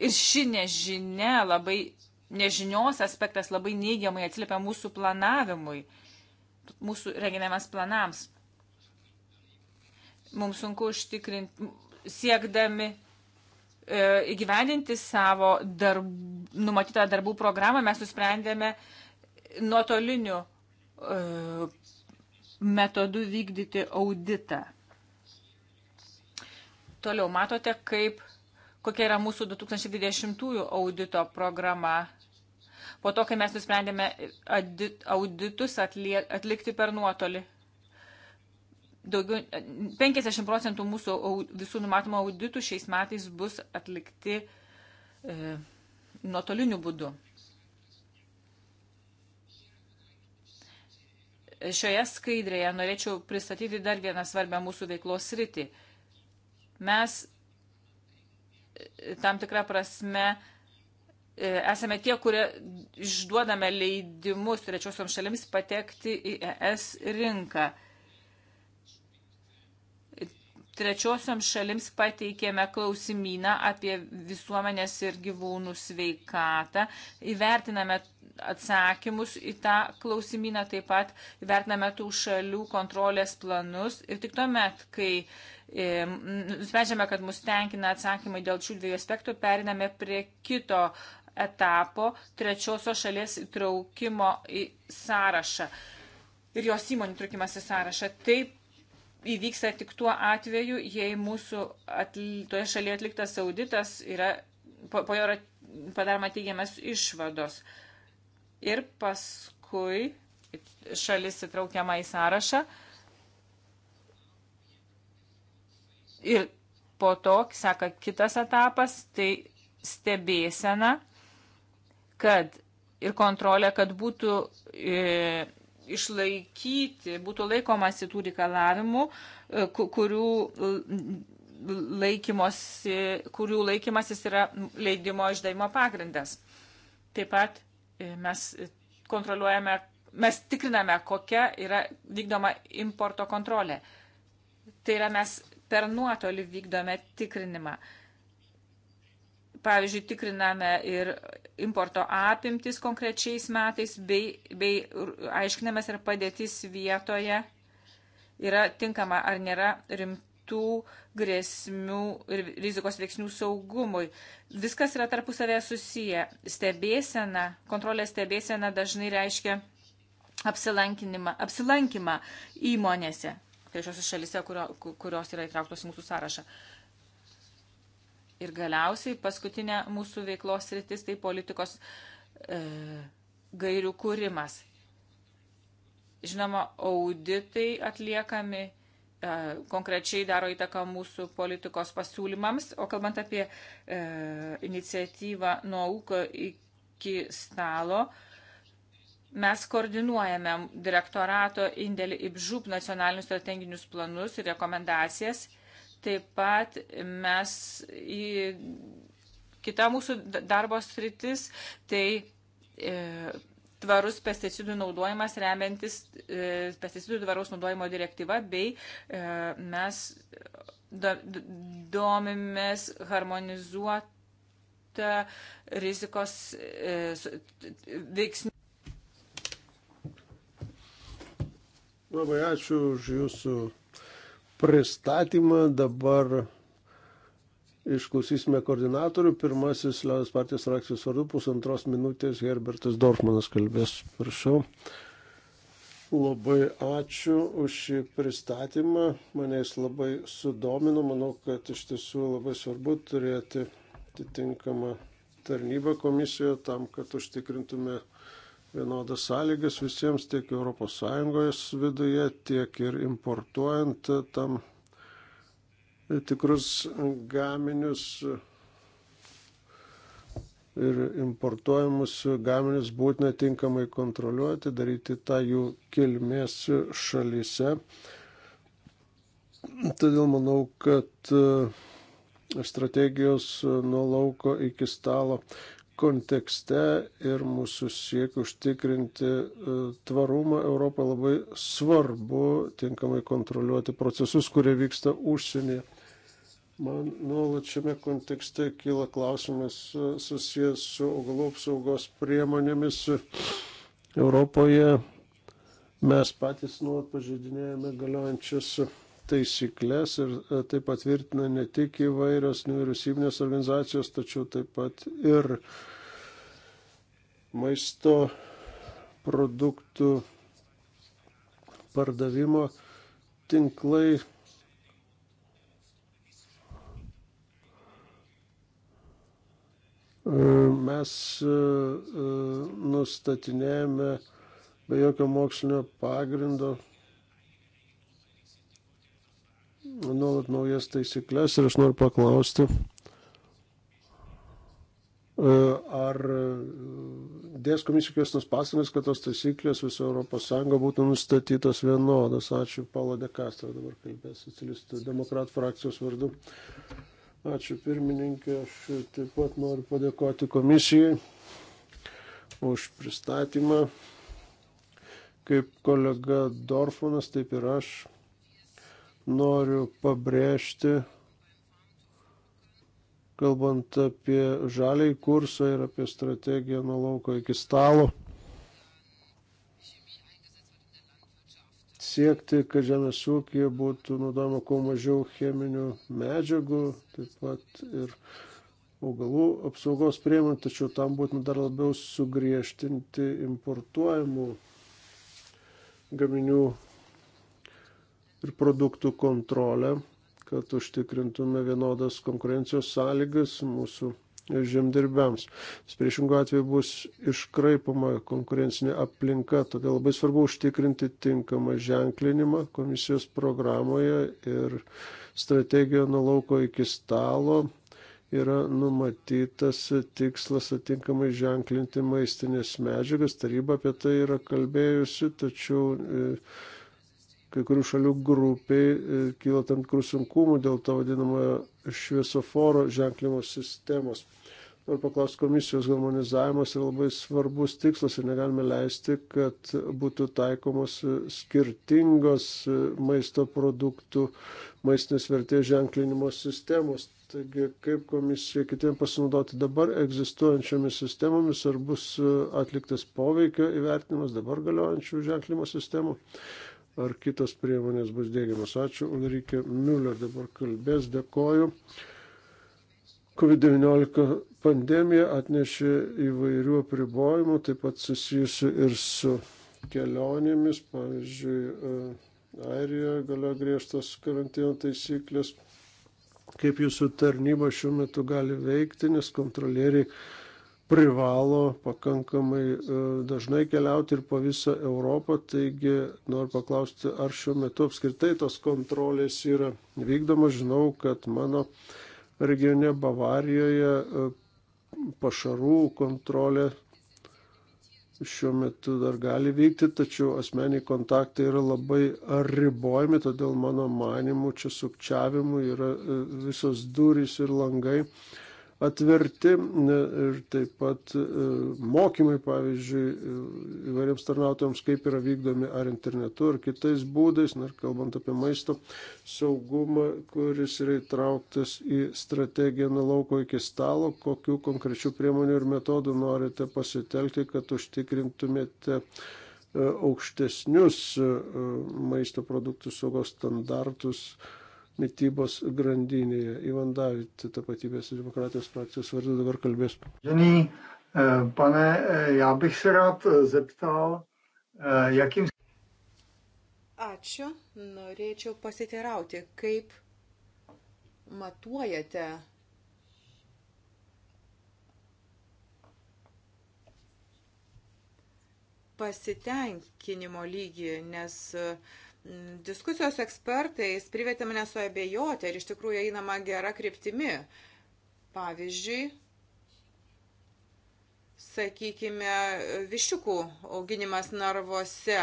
Ir ši nežinia labai, nežinios aspektas labai neigiamai atsiliepia mūsų planavimui, mūsų reginiamas planams. Mums sunku užtikrinti, siekdami e, įgyvendinti savo darb, numatytą darbų programą, mes nusprendėme nuotoliniu e, metodu vykdyti auditą. Toliau matote, kaip kokia yra mūsų 2020 audito programa. Po to, kai mes nusprendėme auditus atlikti per nuotolį. Daugiau, 50 procentų mūsų visų numatomų auditų šiais metais bus atlikti e, nuotoliniu būdu. Šioje skaidrėje norėčiau pristatyti dar vieną svarbę mūsų veiklos sritį. Mes tam tikrą prasme e, esame tie, kurie išduodame leidimus trečiosioms šalims patekti į ES rinką trečiosiams šalims pateikėme klausimyną apie visuomenės ir gyvūnų sveikatą. Įvertiname atsakymus į tą klausimyną, taip pat įvertiname tų šalių kontrolės planus ir tik tuomet, kai e, nusprendžiame, kad mus tenkina atsakymai dėl šių dviejų aspektų, periname prie kito etapo trečiosios šalies įtraukimo į sąrašą ir jos įmonių trukimas į sąrašą. Taip įvyksta tik tuo atveju, jei mūsų atli, toje šalyje atliktas auditas yra, po, po jo yra padaroma teigiamas išvados. Ir paskui šalis įtraukiama į sąrašą. Ir po to seka kitas etapas, tai stebėsena, kad ir kontrolė, kad būtų e, išlaikyti, būtų laikomasi tų reikalavimų, e, kurių laikymosi, kurių laikymasis yra leidimo išdavimo pagrindas. Taip pat e, mes kontroliuojame, mes tikriname, kokia yra vykdoma importo kontrolė. Tai yra mes per nuotolį vykdome tikrinimą. Pavyzdžiui, tikriname ir importo apimtis konkrečiais metais, bei, bei aiškinamės, ar padėtis vietoje yra tinkama, ar nėra rimtų grėsmių ir rizikos veiksnių saugumui. Viskas yra tarpusavėje susiję. Stebėsena, kontrolė stebėsena dažnai reiškia apsilankimą įmonėse, tai šios šalise, kurio, kurios yra įtrauktos į mūsų sąrašą. Ir galiausiai paskutinė mūsų veiklos rytis tai politikos e, gairių kūrimas. Žinoma, auditai atliekami e, konkrečiai daro įtaką mūsų politikos pasiūlymams, o kalbant apie e, iniciatyvą nuo ūkio iki stalo, mes koordinuojame direktorato indėlį į BŽUP nacionalinius strateginius planus ir rekomendacijas – Taip pat mes į kitą mūsų darbo sritis, tai e, tvarus pesticidų naudojimas remiantis e, pesticidų tvaraus naudojimo direktyva, bei e, mes do, domimės harmonizuotą rizikos e, veiksnių. Labai ačiū už jūsų pristatymą. Dabar išklausysime koordinatorių. Pirmasis Liaudės partijos frakcijos vardu pusantros minutės Herbertas Dorfmanas kalbės. Prašau. Labai ačiū už šį pristatymą. Mane jis labai sudomino. Manau, kad iš tiesų labai svarbu turėti atitinkamą tarnybą komisijoje tam, kad užtikrintume vienodas sąlygas visiems tiek ES viduje, tiek ir importuojant tam tikrus gaminius ir importuojamus gaminius būtina tinkamai kontroliuoti, daryti tą jų kilmės šalyse. Todėl manau, kad strategijos nuo lauko iki stalo kontekste ir mūsų siekiu užtikrinti e, tvarumą Europą labai svarbu tinkamai kontroliuoti procesus, kurie vyksta užsienyje. Man nuolat šiame kontekste kyla klausimas e, susijęs su augalų apsaugos priemonėmis Europoje. Mes patys nuolat pažeidinėjame galiojančius taisyklės ir tai patvirtina ne tik įvairios nevyriausybinės organizacijos, tačiau taip pat ir maisto produktų pardavimo tinklai. E, mes e, nustatinėjame be jokio mokslinio pagrindo nuolat naujas taisyklės ir aš noriu paklausti, e, ar e, dės komisija kviesnos pastangas, kad tos taisyklės viso Europos Sąjunga būtų nustatytos vienodas. Ačiū, Paulo De Castro dabar kalbės, socialistų demokratų frakcijos vardu. Ačiū pirmininkė, aš taip pat noriu padėkoti komisijai už pristatymą. Kaip kolega Dorfonas, taip ir aš noriu pabrėžti, kalbant apie žaliai kursą ir apie strategiją nuo lauko iki stalo, siekti, kad žemės ūkija būtų naudojama kuo mažiau cheminių medžiagų, taip pat ir augalų apsaugos priemonių, tačiau tam būtina dar labiau sugriežtinti importuojamų gaminių ir produktų kontrolę, kad užtikrintume vienodas konkurencijos sąlygas mūsų žemdirbiams. Priešingų atveju bus iškraipama konkurencinė aplinka, todėl labai svarbu užtikrinti tinkamą ženklinimą komisijos programoje ir strategijoje nuo lauko iki stalo yra numatytas tikslas atitinkamai ženklinti maistinės medžiagas. Taryba apie tai yra kalbėjusi, tačiau e, kai kurių šalių grupiai e, kyla tam tikrų sunkumų dėl to vadinamojo šviesoforo ženklimo sistemos. Noriu paklausti komisijos harmonizavimas yra labai svarbus tikslas ir negalime leisti, kad būtų taikomos skirtingos maisto produktų maistinės vertės ženklinimo sistemos. Taigi, kaip komisija kitiem pasinaudoti dabar egzistuojančiomis sistemomis, ar bus atliktas poveikio įvertinimas dabar galiojančių ženklimo sistemų ar kitos priemonės bus dėgiamas. Ačiū, Ulrike Müller dabar kalbės, dėkoju. COVID-19 pandemija atnešė įvairių apribojimų, taip pat susijusių ir su kelionėmis, pavyzdžiui, e, Airijoje galio griežtos karantino taisyklės, kaip jūsų tarnyba šiuo metu gali veikti, nes kontrolieriai privalo pakankamai e, dažnai keliauti ir po visą Europą. Taigi noriu paklausti, ar šiuo metu apskritai tos kontrolės yra vykdomos. Žinau, kad mano regione Bavarijoje e, pašarų kontrolė šiuo metu dar gali vykti, tačiau asmeniai kontaktai yra labai ribojami, todėl mano manimu čia sukčiavimu yra e, visos durys ir langai atverti ir taip pat e, mokymai, pavyzdžiui, e, įvairiems tarnautojams, kaip yra vykdomi ar internetu, ar kitais būdais, na ir kalbant apie maisto saugumą, kuris yra įtrauktas į strategiją nuo lauko iki stalo, kokiu konkrečiu priemonių ir metodų norite pasitelkti, kad užtikrintumėte e, aukštesnius maisto produktų saugos standartus mytybos grandinėje. Ivandavit tapatybės ir demokratijos frakcijos vardu dabar kalbės. Žinai, e, pane, e, já bych se rád e, zeptal, jakim. Ačiū. Norėčiau pasiteirauti, kaip matuojate pasitenkinimo lygį, nes uh, Diskusijos ekspertais privetė mane suabejoti, ar iš tikrųjų einama gera kryptimi. Pavyzdžiui, sakykime, viščiukų auginimas narvose,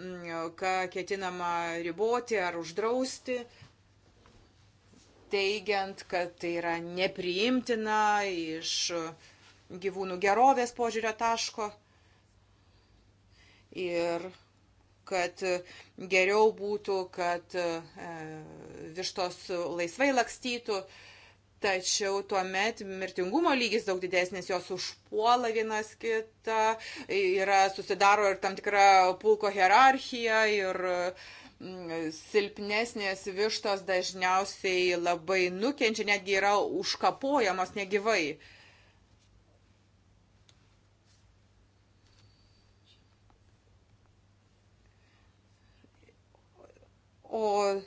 mm, ką ketinama riboti ar uždrausti, teigiant, kad tai yra nepriimtina iš gyvūnų gerovės požiūrio taško. Ir kad e, geriau būtų, kad e, vištos laisvai lakstytų, tačiau tuo met mirtingumo lygis daug didesnis, jos užpuola vienas kitą, yra, susidaro ir tam tikra pulko hierarchija ir mm, silpnesnės vištos dažniausiai labai nukenčia, netgi yra užkapojamos negyvai. o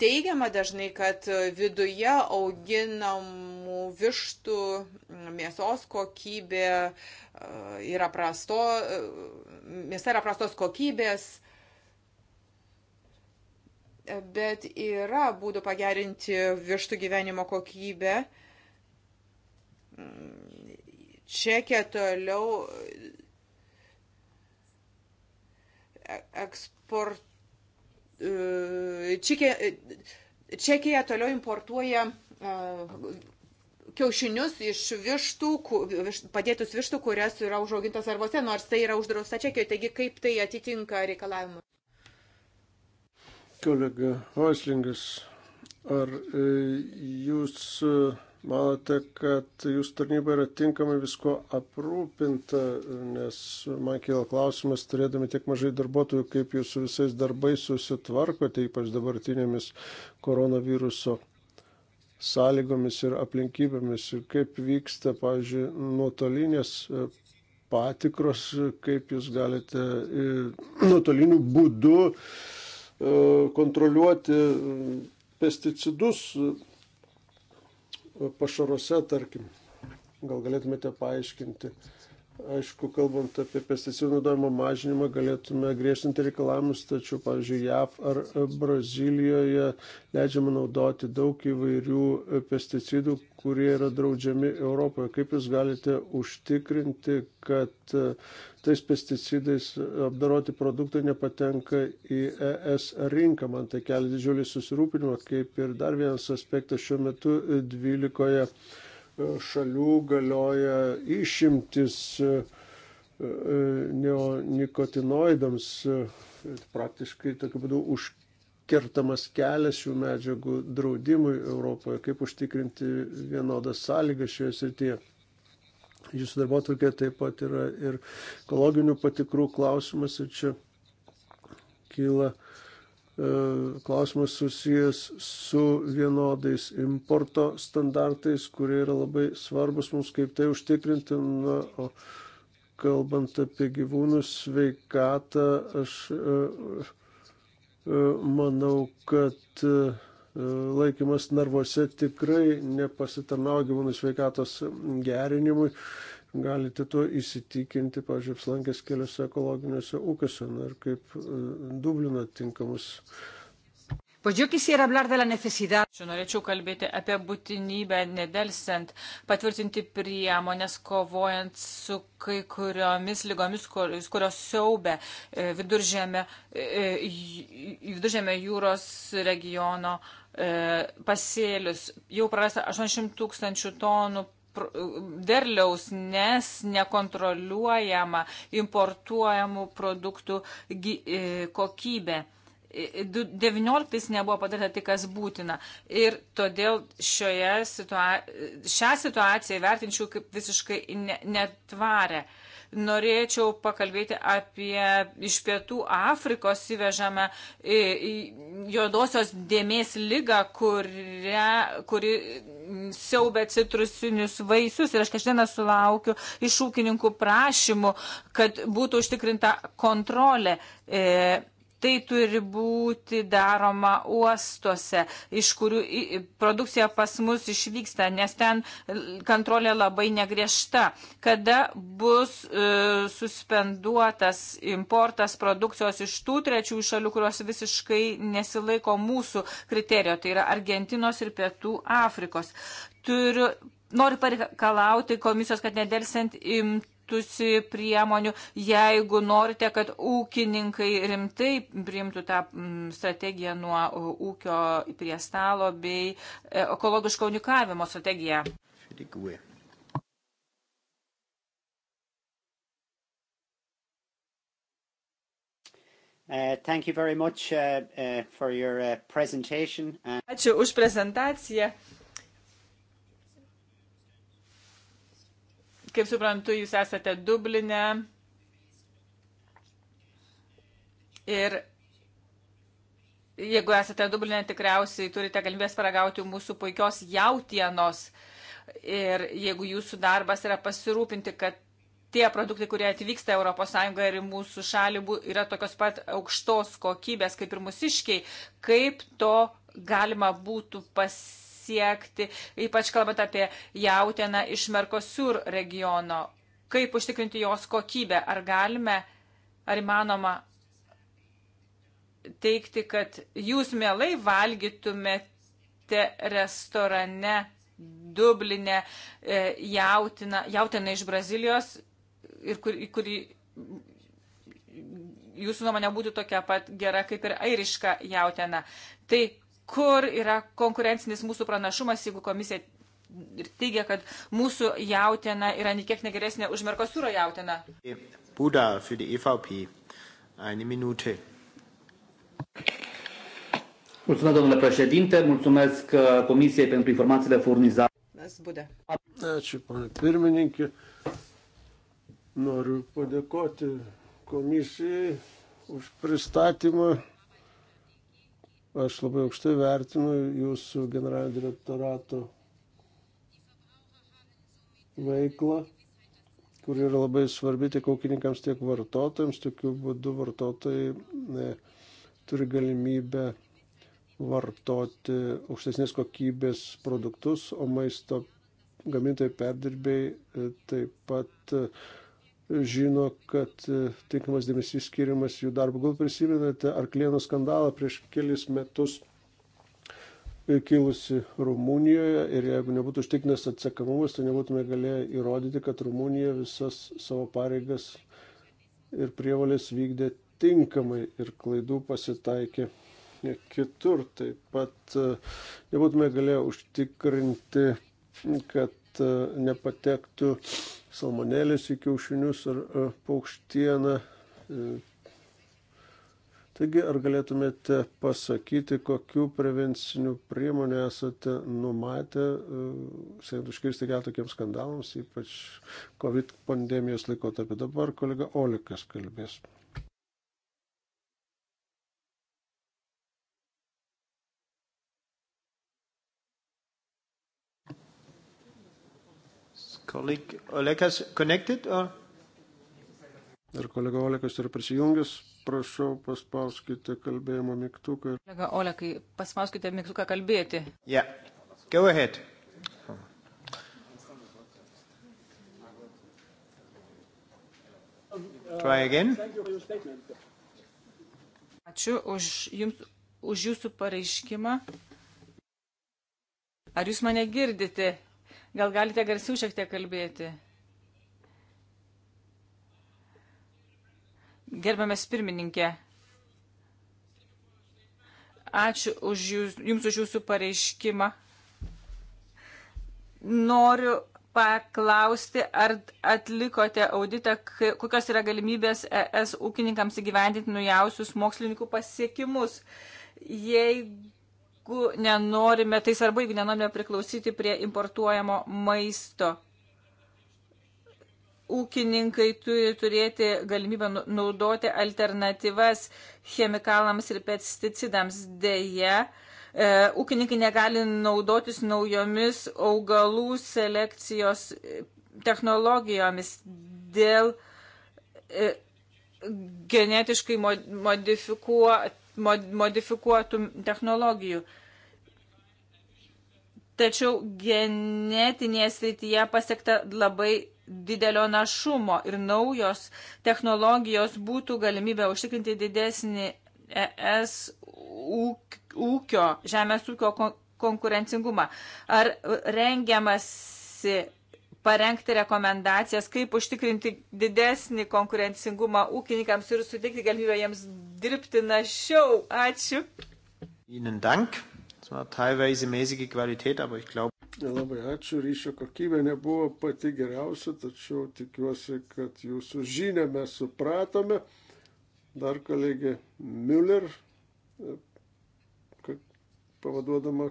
teigiama dažnai, kad viduje auginamų vištų mėsos kokybė e, yra prasto, e, mėsa yra prastos kokybės, bet yra būdų pagerinti vištų gyvenimo kokybę. Čekija toliau e, eksportuoja Čekija, Čekija toliau importuoja kiaušinius iš vištų, padėtus vištų, kurias yra užaugintas arvose, nors tai yra uždrausta Čekijoje. Taigi kaip tai atitinka reikalavimus? Kolega Hoislingas, ar e, jūs. E, manote, kad jūsų tarnyba yra tinkamai visko aprūpinta, nes man kyla klausimas, turėdami tiek mažai darbuotojų, kaip jūs su visais darbais susitvarkote, ypač dabartinėmis koronaviruso sąlygomis ir aplinkybėmis, ir kaip vyksta, pavyzdžiui, nuotolinės patikros, kaip jūs galite e, nuotoliniu būdu e, kontroliuoti pesticidus pašaruose, tarkim. Gal galėtumėte paaiškinti, Aišku, kalbant apie pesticidų naudojimo mažinimą, galėtume griežtinti reikalavimus, tačiau, pavyzdžiui, JAV ar Brazilijoje leidžiama naudoti daug įvairių pesticidų, kurie yra draudžiami Europoje. Kaip jūs galite užtikrinti, kad tais pesticidais apdaroti produktai nepatenka į ES rinką? Man tai kelia didžiulį susirūpinimą, kaip ir dar vienas aspektas šiuo metu 12 šalių galioja išimtis e, e, neonikotinoidams. E, praktiškai tokiu būdu užkertamas kelias šių medžiagų draudimui Europoje. Kaip užtikrinti vienodas sąlygas šioje srityje? Jūsų darbo tokia taip pat yra ir ekologinių patikrų klausimas ir čia kyla uh, E, klausimas susijęs su vienodais importo standartais, kurie yra labai svarbus mums, kaip tai užtikrinti. Na, o kalbant apie gyvūnų sveikatą, aš e, e, manau, kad laikymas narvuose tikrai nepasitarnauja gyvūnų sveikatos gerinimui Galite tuo įsitikinti, pažiūrėjau, apsilankęs keliose ekologiniuose ūkiuose, na ir kaip e, Dublino tinkamus. Pues yo quisiera hablar de la necesidad. Aš norėčiau kalbėti apie būtinybę nedelsiant patvirtinti priemonės kovojant su kai kuriomis lygomis, kurios siaubė viduržėme, viduržėme e, jūros regiono e, pasėlius. Jau prarasta 800 tūkstančių tonų derliaus, nes nekontroliuojama importuojamų produktų e, kokybė. 19 e, e, nebuvo padaryta tik, kas būtina. Ir todėl šioje situa šią situaciją vertinčiau kaip visiškai netvarę. Ne norėčiau pakalbėti apie iš pietų Afrikos įvežamą juodosios dėmės lygą, kuria, kuri siaubia citrusinius vaisius. Ir aš každieną sulaukiu iš ūkininkų prašymų, kad būtų užtikrinta kontrolė. E, tai turi būti daroma uostuose, iš kurių produkcija pas mus išvyksta, nes ten kontrolė labai negriežta. Kada bus e, suspenduotas importas produkcijos iš tų trečių šalių, kurios visiškai nesilaiko mūsų kriterijo, tai yra Argentinos ir Pietų Afrikos. Turiu, noriu pareikalauti komisijos, kad nedelsiant imtų institucijų priemonių, jeigu norite, kad ūkininkai rimtai priimtų tą mm, strategiją nuo e, ūkio prie stalo bei e, ekologiško unikavimo strategiją. Dėkui. Uh, thank you very much uh, uh, for your uh, presentation. And... Ačiū už prezentaciją. Kaip suprantu, jūs esate Dubline ir jeigu esate Dubline, tikriausiai turite galimybės paragauti mūsų puikios jautienos. Ir jeigu jūsų darbas yra pasirūpinti, kad tie produktai, kurie atvyksta ES ir į mūsų šalį, yra tokios pat aukštos kokybės kaip ir mūsiškiai, kaip to galima būtų pasiekti siekti, ypač kalbant apie jautieną iš Merkosur regiono. Kaip užtikrinti jos kokybę? Ar galime, ar įmanoma teikti, kad jūs mielai valgytumėte restorane Dublinė e, jautina, jautina iš Brazilijos ir kuri, kuri jūsų nuomonė būtų tokia pat gera kaip ir airiška jautina. Tai kur yra konkurencinis mūsų pranašumas, jeigu komisija ir teigia, kad mūsų jautiena yra niekiek negeresnė už Merkosūro jautiena. Būda für die EVP. Eine Minute. Mulțumesc, domnule președinte, mulțumesc uh, Comisiei pentru informațiile furnizate. Ačiū, pane pirmininkė. Noriu padėkoti komisijai už pristatymą Aš labai aukštai vertinu jūsų generalinio direktorato veiklą, kuri yra labai svarbi tiek ūkininkams, tiek vartotojams. Tokiu būdu vartotojai ne, turi galimybę vartoti aukštesnės kokybės produktus, o maisto gamintojai perdirbėjai e, taip pat uh, žino, kad e, tinkamas dėmesys skiriamas jų darbo. Gal prisimenate tai Arklėno skandalą prieš kelis metus e, kilusi Rumunijoje ir jeigu nebūtų užtikrinęs atsakamumas, tai nebūtume galėję įrodyti, kad Rumunija visas savo pareigas ir prievalės vykdė tinkamai ir klaidų pasitaikė kitur. Taip pat e, nebūtume galėję užtikrinti, kad nepatektų uh, salmonėlės į kiaušinius ar e, paukštieną. E, taigi, ar galėtumėte pasakyti, kokiu prevenciniu priemonė esate numatę, e, siekiant užkirsti kelią tokiems skandalams, ypač COVID pandemijos laikotarpį. Dabar kolega Olikas kalbės. Colleague Olekas connected or? Ar kolega Olekas yra prisijungęs? Prašau, paspauskite kalbėjimo mygtuką. Kolega Olekai, paspauskite mygtuką kalbėti. Yeah. Go ahead. Try again. Ačiū už, jums, už jūsų pareiškimą. Ar jūs mane girdite? Gal galite garsiau šiek tiek kalbėti? Gerbiamas pirmininkė, ačiū už jūs, Jums už Jūsų pareiškimą. Noriu paklausti, ar atlikote auditą, kokios yra galimybės ES ūkininkams įgyvendinti nujausius mokslininkų pasiekimus. Jeigu jeigu nenorime, tai svarbu, jeigu nenorime priklausyti prie importuojamo maisto. Ūkininkai turi turėti galimybę nu, naudoti alternatyvas chemikalams ir pesticidams. Deja, e, ūkininkai negali naudotis naujomis augalų selekcijos e, technologijomis dėl e, genetiškai modifikuo, modifikuotų technologijų. Tačiau genetinėje srityje pasiekta labai didelio našumo ir naujos technologijos būtų galimybė užtikrinti didesnį ES ūkio, žemės ūkio konkurencingumą. Ar rengiamasi parengti rekomendacijas, kaip užtikrinti didesnį konkurencingumą ūkininkams ir suteikti galimybę jiems dirbti našiau. Ačiū. Ihnen Dank. Es war teilweise mäßige Qualität, aber ich glaube. Labai ačiū, ryšio kokybė nebuvo pati geriausia, tačiau tikiuosi, kad jūsų žinę mes supratome. Dar kolegė Müller, pavaduodama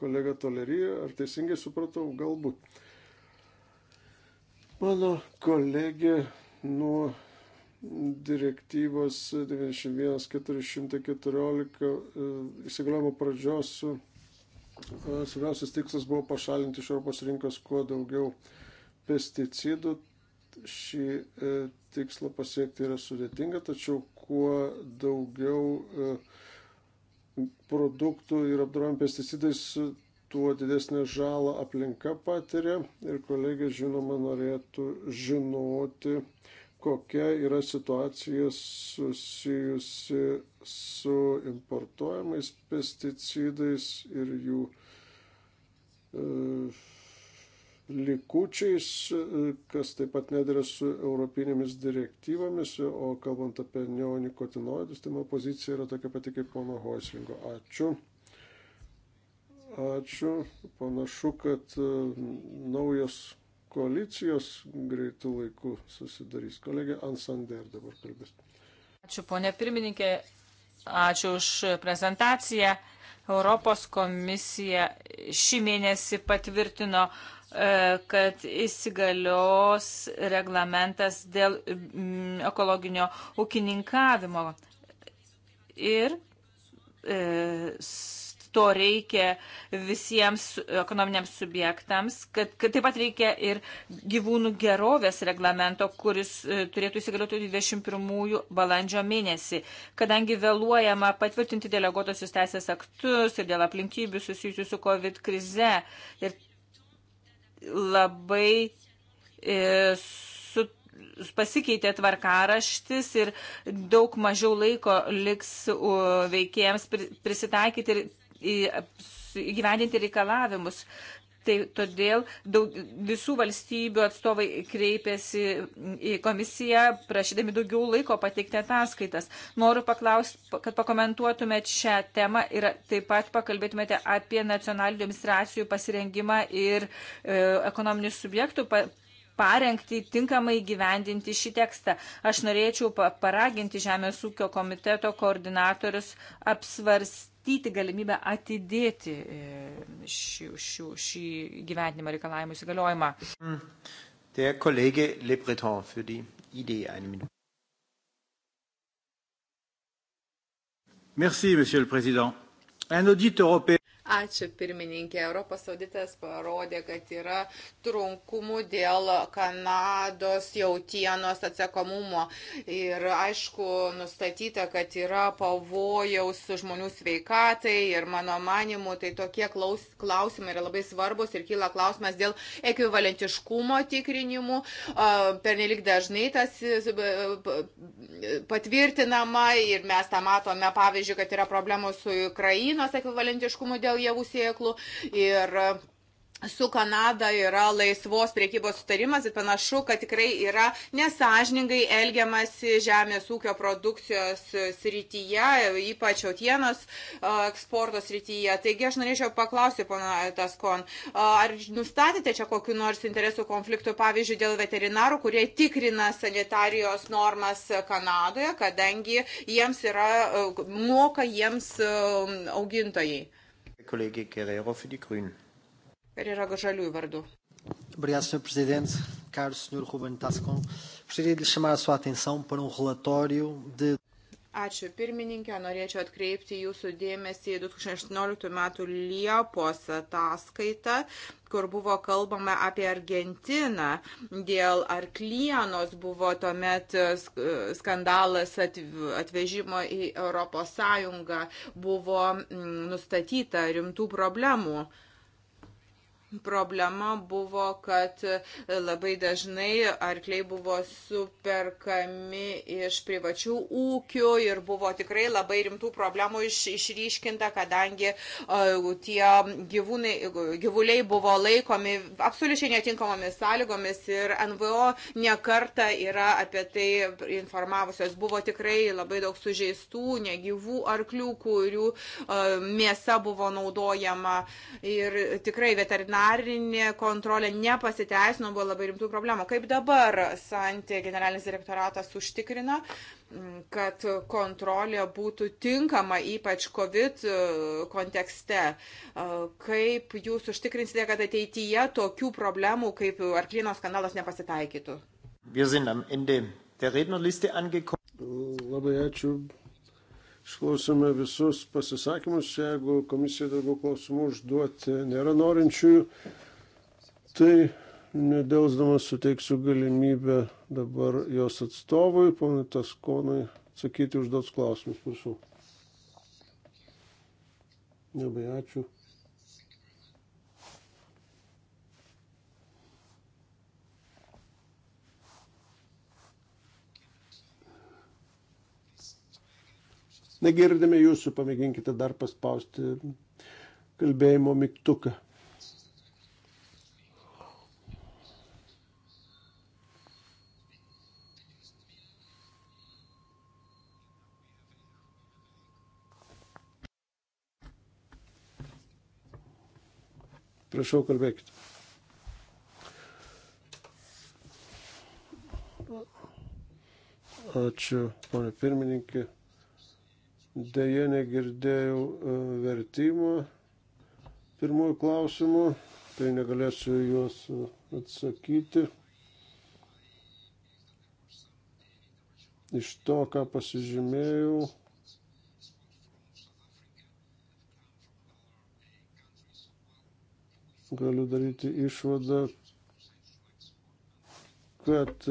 kolegą Toleriją, ar teisingai supratau, galbūt. Mano kolegė nuo direktyvos 91414 e, įsigaliojimo pradžios e, svarbiausias tikslas buvo pašalinti iš Europos rinkos kuo daugiau pesticidų. Šį e, tikslą pasiekti yra sudėtinga, tačiau kuo daugiau produktų ir apdorojami pesticidais, tuo didesnę žalą aplinka patiria ir kolegė žinoma norėtų žinoti, kokia yra situacija susijusi su importuojamais pesticidais ir jų e, likučiais, kas taip pat nedėra su europinėmis direktyvomis, o kalbant apie neonikotinoidus, tai mano pozicija yra tokia pati kaip pono Hoislingo. Ačiū. Ačiū. Panašu, kad e, naujos koalicijos greitų laikų susidarys. Kolegė Ansander dabar kalbės. Ačiū, ponė pirmininkė. Ačiū už prezentaciją. Europos komisija šį mėnesį patvirtino, e, kad įsigalios reglamentas dėl mm, ekologinio ūkininkavimo. Ir e, to reikia visiems ekonominiams subjektams, kad, kad taip pat reikia ir gyvūnų gerovės reglamento, kuris e, turėtų įsigalioti 21 balandžio mėnesį, kadangi vėluojama patvirtinti deleguotosius teisės aktus ir dėl aplinkybių susijusių su COVID krize. Ir labai e, su, pasikeitė tvarkaraštis ir daug mažiau laiko liks veikėjams prisitaikyti ir įgyvendinti reikalavimus. Tai todėl daug, visų valstybių atstovai kreipėsi į komisiją, prašydami daugiau laiko pateikti ataskaitas. Noriu paklausti, kad pakomentuotumėt šią temą ir taip pat pakalbėtumėte apie nacionalinių administracijų pasirengimą ir e, ekonominių subjektų pa, parengti tinkamai gyvendinti šį tekstą. Aš norėčiau paraginti Žemės ūkio komiteto koordinatorius apsvarstyti svarstyti galimybę atidėti e, šį, šį, šį gyvenimą reikalavimų įsigaliojimą. Mm. Der Kollege Le Breton für die Idee eine Minute. Merci, Monsieur le Président. Un audit européen. Ačiū pirmininkė. Europos auditas parodė, kad yra trunkumų dėl Kanados jautienos atsakomumo. Ir aišku, nustatyta, kad yra pavojaus žmonių sveikatai ir mano manimu, tai tokie klaus, klausimai yra labai svarbus ir kyla klausimas dėl ekvivalentiškumo tikrinimų. Pernelik dažnai tas e, e, patvirtinama ir mes tą matome, pavyzdžiui, kad yra problemų su Ukrainos ekvivalentiškumu dėl dėl javų sėklų. Ir e, su Kanada yra laisvos priekybos sutarimas ir panašu, kad tikrai yra nesažningai elgiamasi žemės ūkio produkcijos e, srityje, ypač autienos e, eksporto srityje. Taigi aš norėčiau paklausyti, pana Taskon, ar nustatėte čia kokiu nors interesų konfliktu, pavyzdžiui, dėl veterinarų, kurie tikrina sanitarijos normas Kanadoje, kadangi jiems yra, moka jiems augintojai? kolegė Guerrero für die Grünen. Guerrero Žaliųjų vardu. Obrigado, Sr. Presidente. Caro Sr. Ruben Tascon, gostaria de lhe chamar a sua atenção para um relatório de. Ačiū pirmininkė, norėčiau atkreipti jūsų dėmesį į 2018 m. Liepos ataskaitą, kur buvo kalbama apie Argentiną. Dėl arklienos buvo tuomet skandalas atvežimo į ES, buvo mm, nustatyta rimtų problemų problema buvo, kad e, labai dažnai arkliai buvo superkami iš privačių ūkių ir buvo tikrai labai rimtų problemų iš, išryškinta, kadangi uh, tie gyvūnai, gyvuliai buvo laikomi absoliučiai netinkamomis sąlygomis ir NVO nekarta yra apie tai informavusios. Buvo tikrai labai daug sužeistų, negyvų arklių, kurių uh, mėsa buvo naudojama ir tikrai veterinarijos parlamentarinė kontrolė nepasiteisino, buvo labai rimtų problemų. Kaip dabar Santė generalinis direktoratas užtikrina, kad kontrolė būtų tinkama, ypač COVID e, kontekste. E, kaip jūs užtikrinsite, kad ateityje tokių problemų kaip arklino skandalas nepasitaikytų? Labai ačiū. Išklausome visus pasisakymus. Jeigu komisija daugiau klausimų užduoti nėra norinčiųjų, tai nedelsdamas suteiksiu galimybę dabar jos atstovui, ponui Taskonui, atsakyti užduotus klausimus. Prašau. Labai ačiū. Negirdime jūsų, pamėginkite dar paspausti kalbėjimo mygtuką. Prašau, kalbėkite. Ačiū, ponė pirmininkė. Deja negirdėjau e, vertimo pirmųjų klausimų, tai negalėsiu juos e, atsakyti. Iš to, ką pasižymėjau, galiu daryti išvadą, kad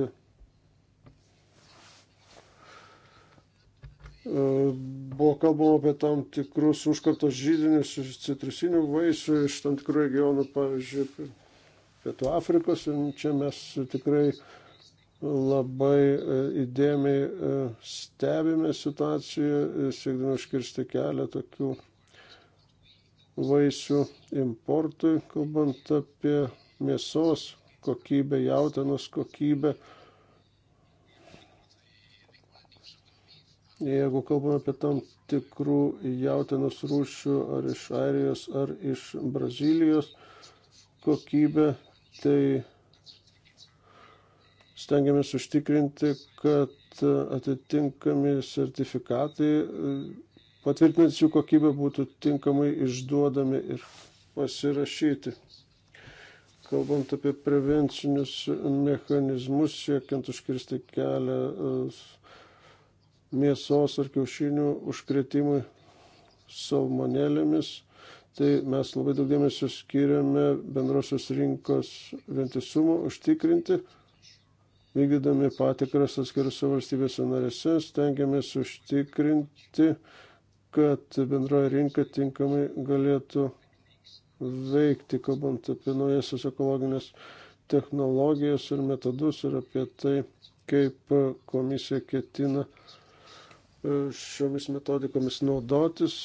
E, buvo kalbama apie tam tikrus užkartos žydinius iš citrusinių vaisių, iš tam tikrų regionų, pavyzdžiui, Pietų Afrikos. Ir čia mes tikrai labai e, įdėmiai e, stebime situaciją, siekdami užkirsti kelią tokių vaisių importui, kalbant apie mėsos kokybę, jautienos kokybę. Jeigu kalbame apie tam tikrų jautienos rūšių ar iš Airijos ar iš Brazilijos kokybę, tai stengiamės užtikrinti, kad atitinkami sertifikatai patvirtinant jų kokybę būtų tinkamai išduodami ir pasirašyti. Kalbant apie prevencinius mechanizmus, siekiant užkirsti kelią mėsos ar kiaušinių užkretimui salmonėlėmis. Tai mes labai daug dėmesio skiriame bendrosios rinkos vientisumo užtikrinti, vykdydami patikras atskirose valstybėse narėse, stengiamės užtikrinti, kad bendroji rinka tinkamai galėtų veikti, kalbant apie naujasias ekologinės technologijas ir metodus ir apie tai, kaip komisija ketina uh, šiomis metodikomis naudotis.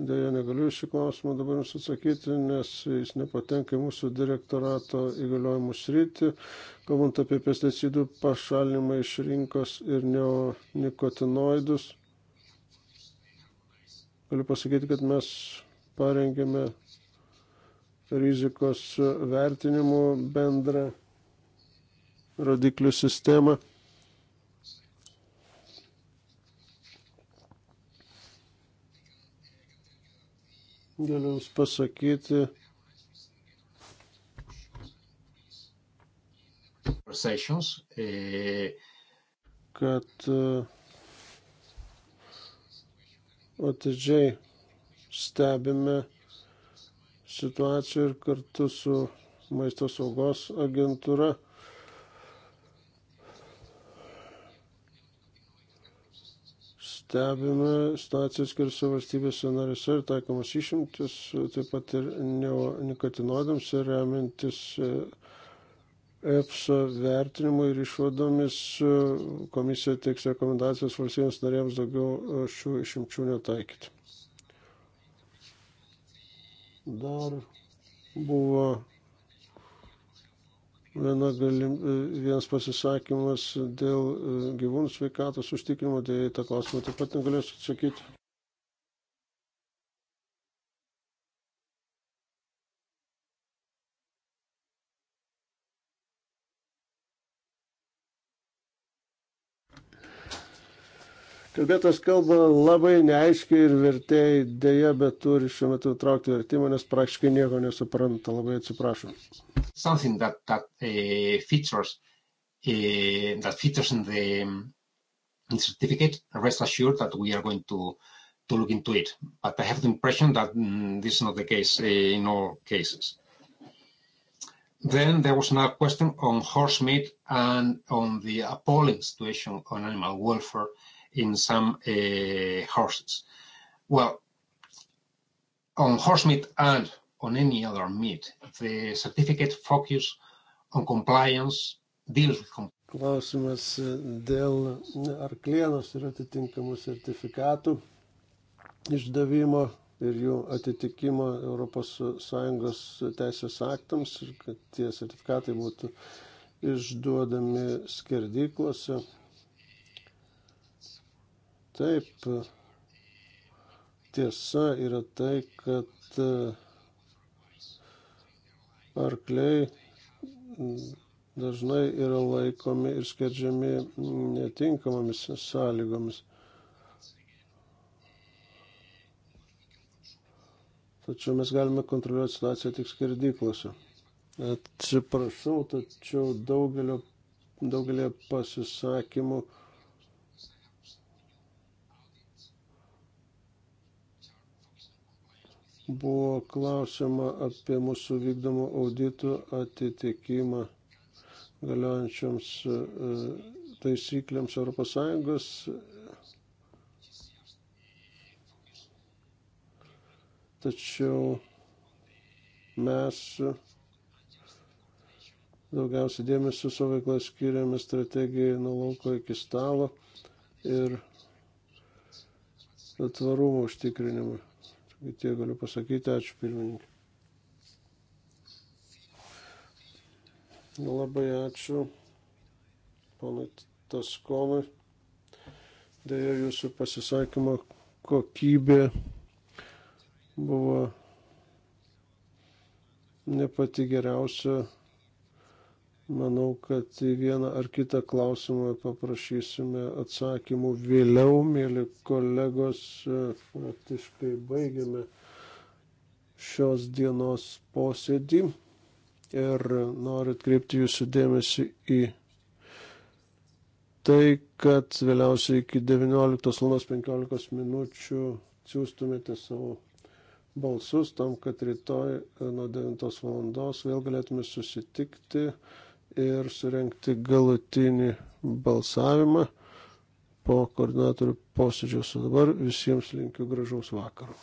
Deja, negaliu šį klausimą dabar jums atsakyti, nes jis nepatenka į mūsų direktorato įgaliojimų sritį. Kalbant apie pesticidų pašalinimą iš rinkos ir neonikotinoidus, galiu pasakyti, kad mes parengėme rizikos vertinimų bendrą rodiklių sistemą. galiu Jums pasakyti. Eh, kad eh, atidžiai stebime situaciją ir kartu su maisto saugos agentūra stebime situaciją skirsiu valstybėse narėse ir taikomas išimtis, taip pat ir neonikotinodams ir remintis EPSO vertinimu ir išvadomis e, komisija teiks rekomendacijas valstybėms narėms daugiau e, šių išimčių netaikyti. Dar buvo Viena galim, e, vienas pasisakymas dėl e, gyvūnų sveikatos užtikrimo, dėja į tą klausimą taip pat negalėsiu atsakyti. Kalbėtas kalba labai neaiškiai ir vertėjai dėja, bet turi šiuo metu traukti vertimą, nes praktiškai nieko nesupranta. Labai atsiprašau. Something that, that uh, features, uh, that features in the, um, in the certificate, rest assured that we are going to, to look into it. But I have the impression that mm, this is not the case uh, in all cases. Then there was another question on horse meat and on the appalling situation on animal welfare. Uh, in some uh, horses. Well, on horse meat and on any other meat, the certificate focus on compliance deals with compliance. Klausimas e, dėl e, arklienos ir atitinkamų sertifikatų išdavimo ir jų atitikimo ES teisės aktams ir kad tie sertifikatai būtų išduodami skerdyklose Taip, tiesa yra tai, kad e, arkliai dažnai yra laikomi ir skerdžiami netinkamomis sąlygomis. Tačiau mes galime kontroliuoti situaciją tik skerdyklose. Atsiprašau, tačiau daugelio, daugelio pasisakymų uh, Buvo klausima apie mūsų vykdomų auditų atitikimą galiojančioms e, taisyklėms ES tačiau mes daugiausiai dėmesio savo veiklą skiriame strategijai nuo lauko iki stalo ir tvarumo užtikrinimui. Tiek galiu pasakyti, ačiū pirmininkai. Labai ačiū ponui Taskonui. Dėja, jūsų pasisakymo kokybė buvo ne pati geriausia Manau, kad į vieną ar kitą klausimą paprašysime atsakymų vėliau, mėly kolegos, faktiškai baigiame šios dienos posėdį ir noriu atkreipti jūsų dėmesį į tai, kad vėliausiai iki 19.15 minučių siūstumėte savo balsus tam, kad rytoj nuo 9 val. vėl galėtume susitikti ir surenkti galutinį balsavimą po koordinatorių posėdžio. O dabar visiems linkiu gražaus vakaro.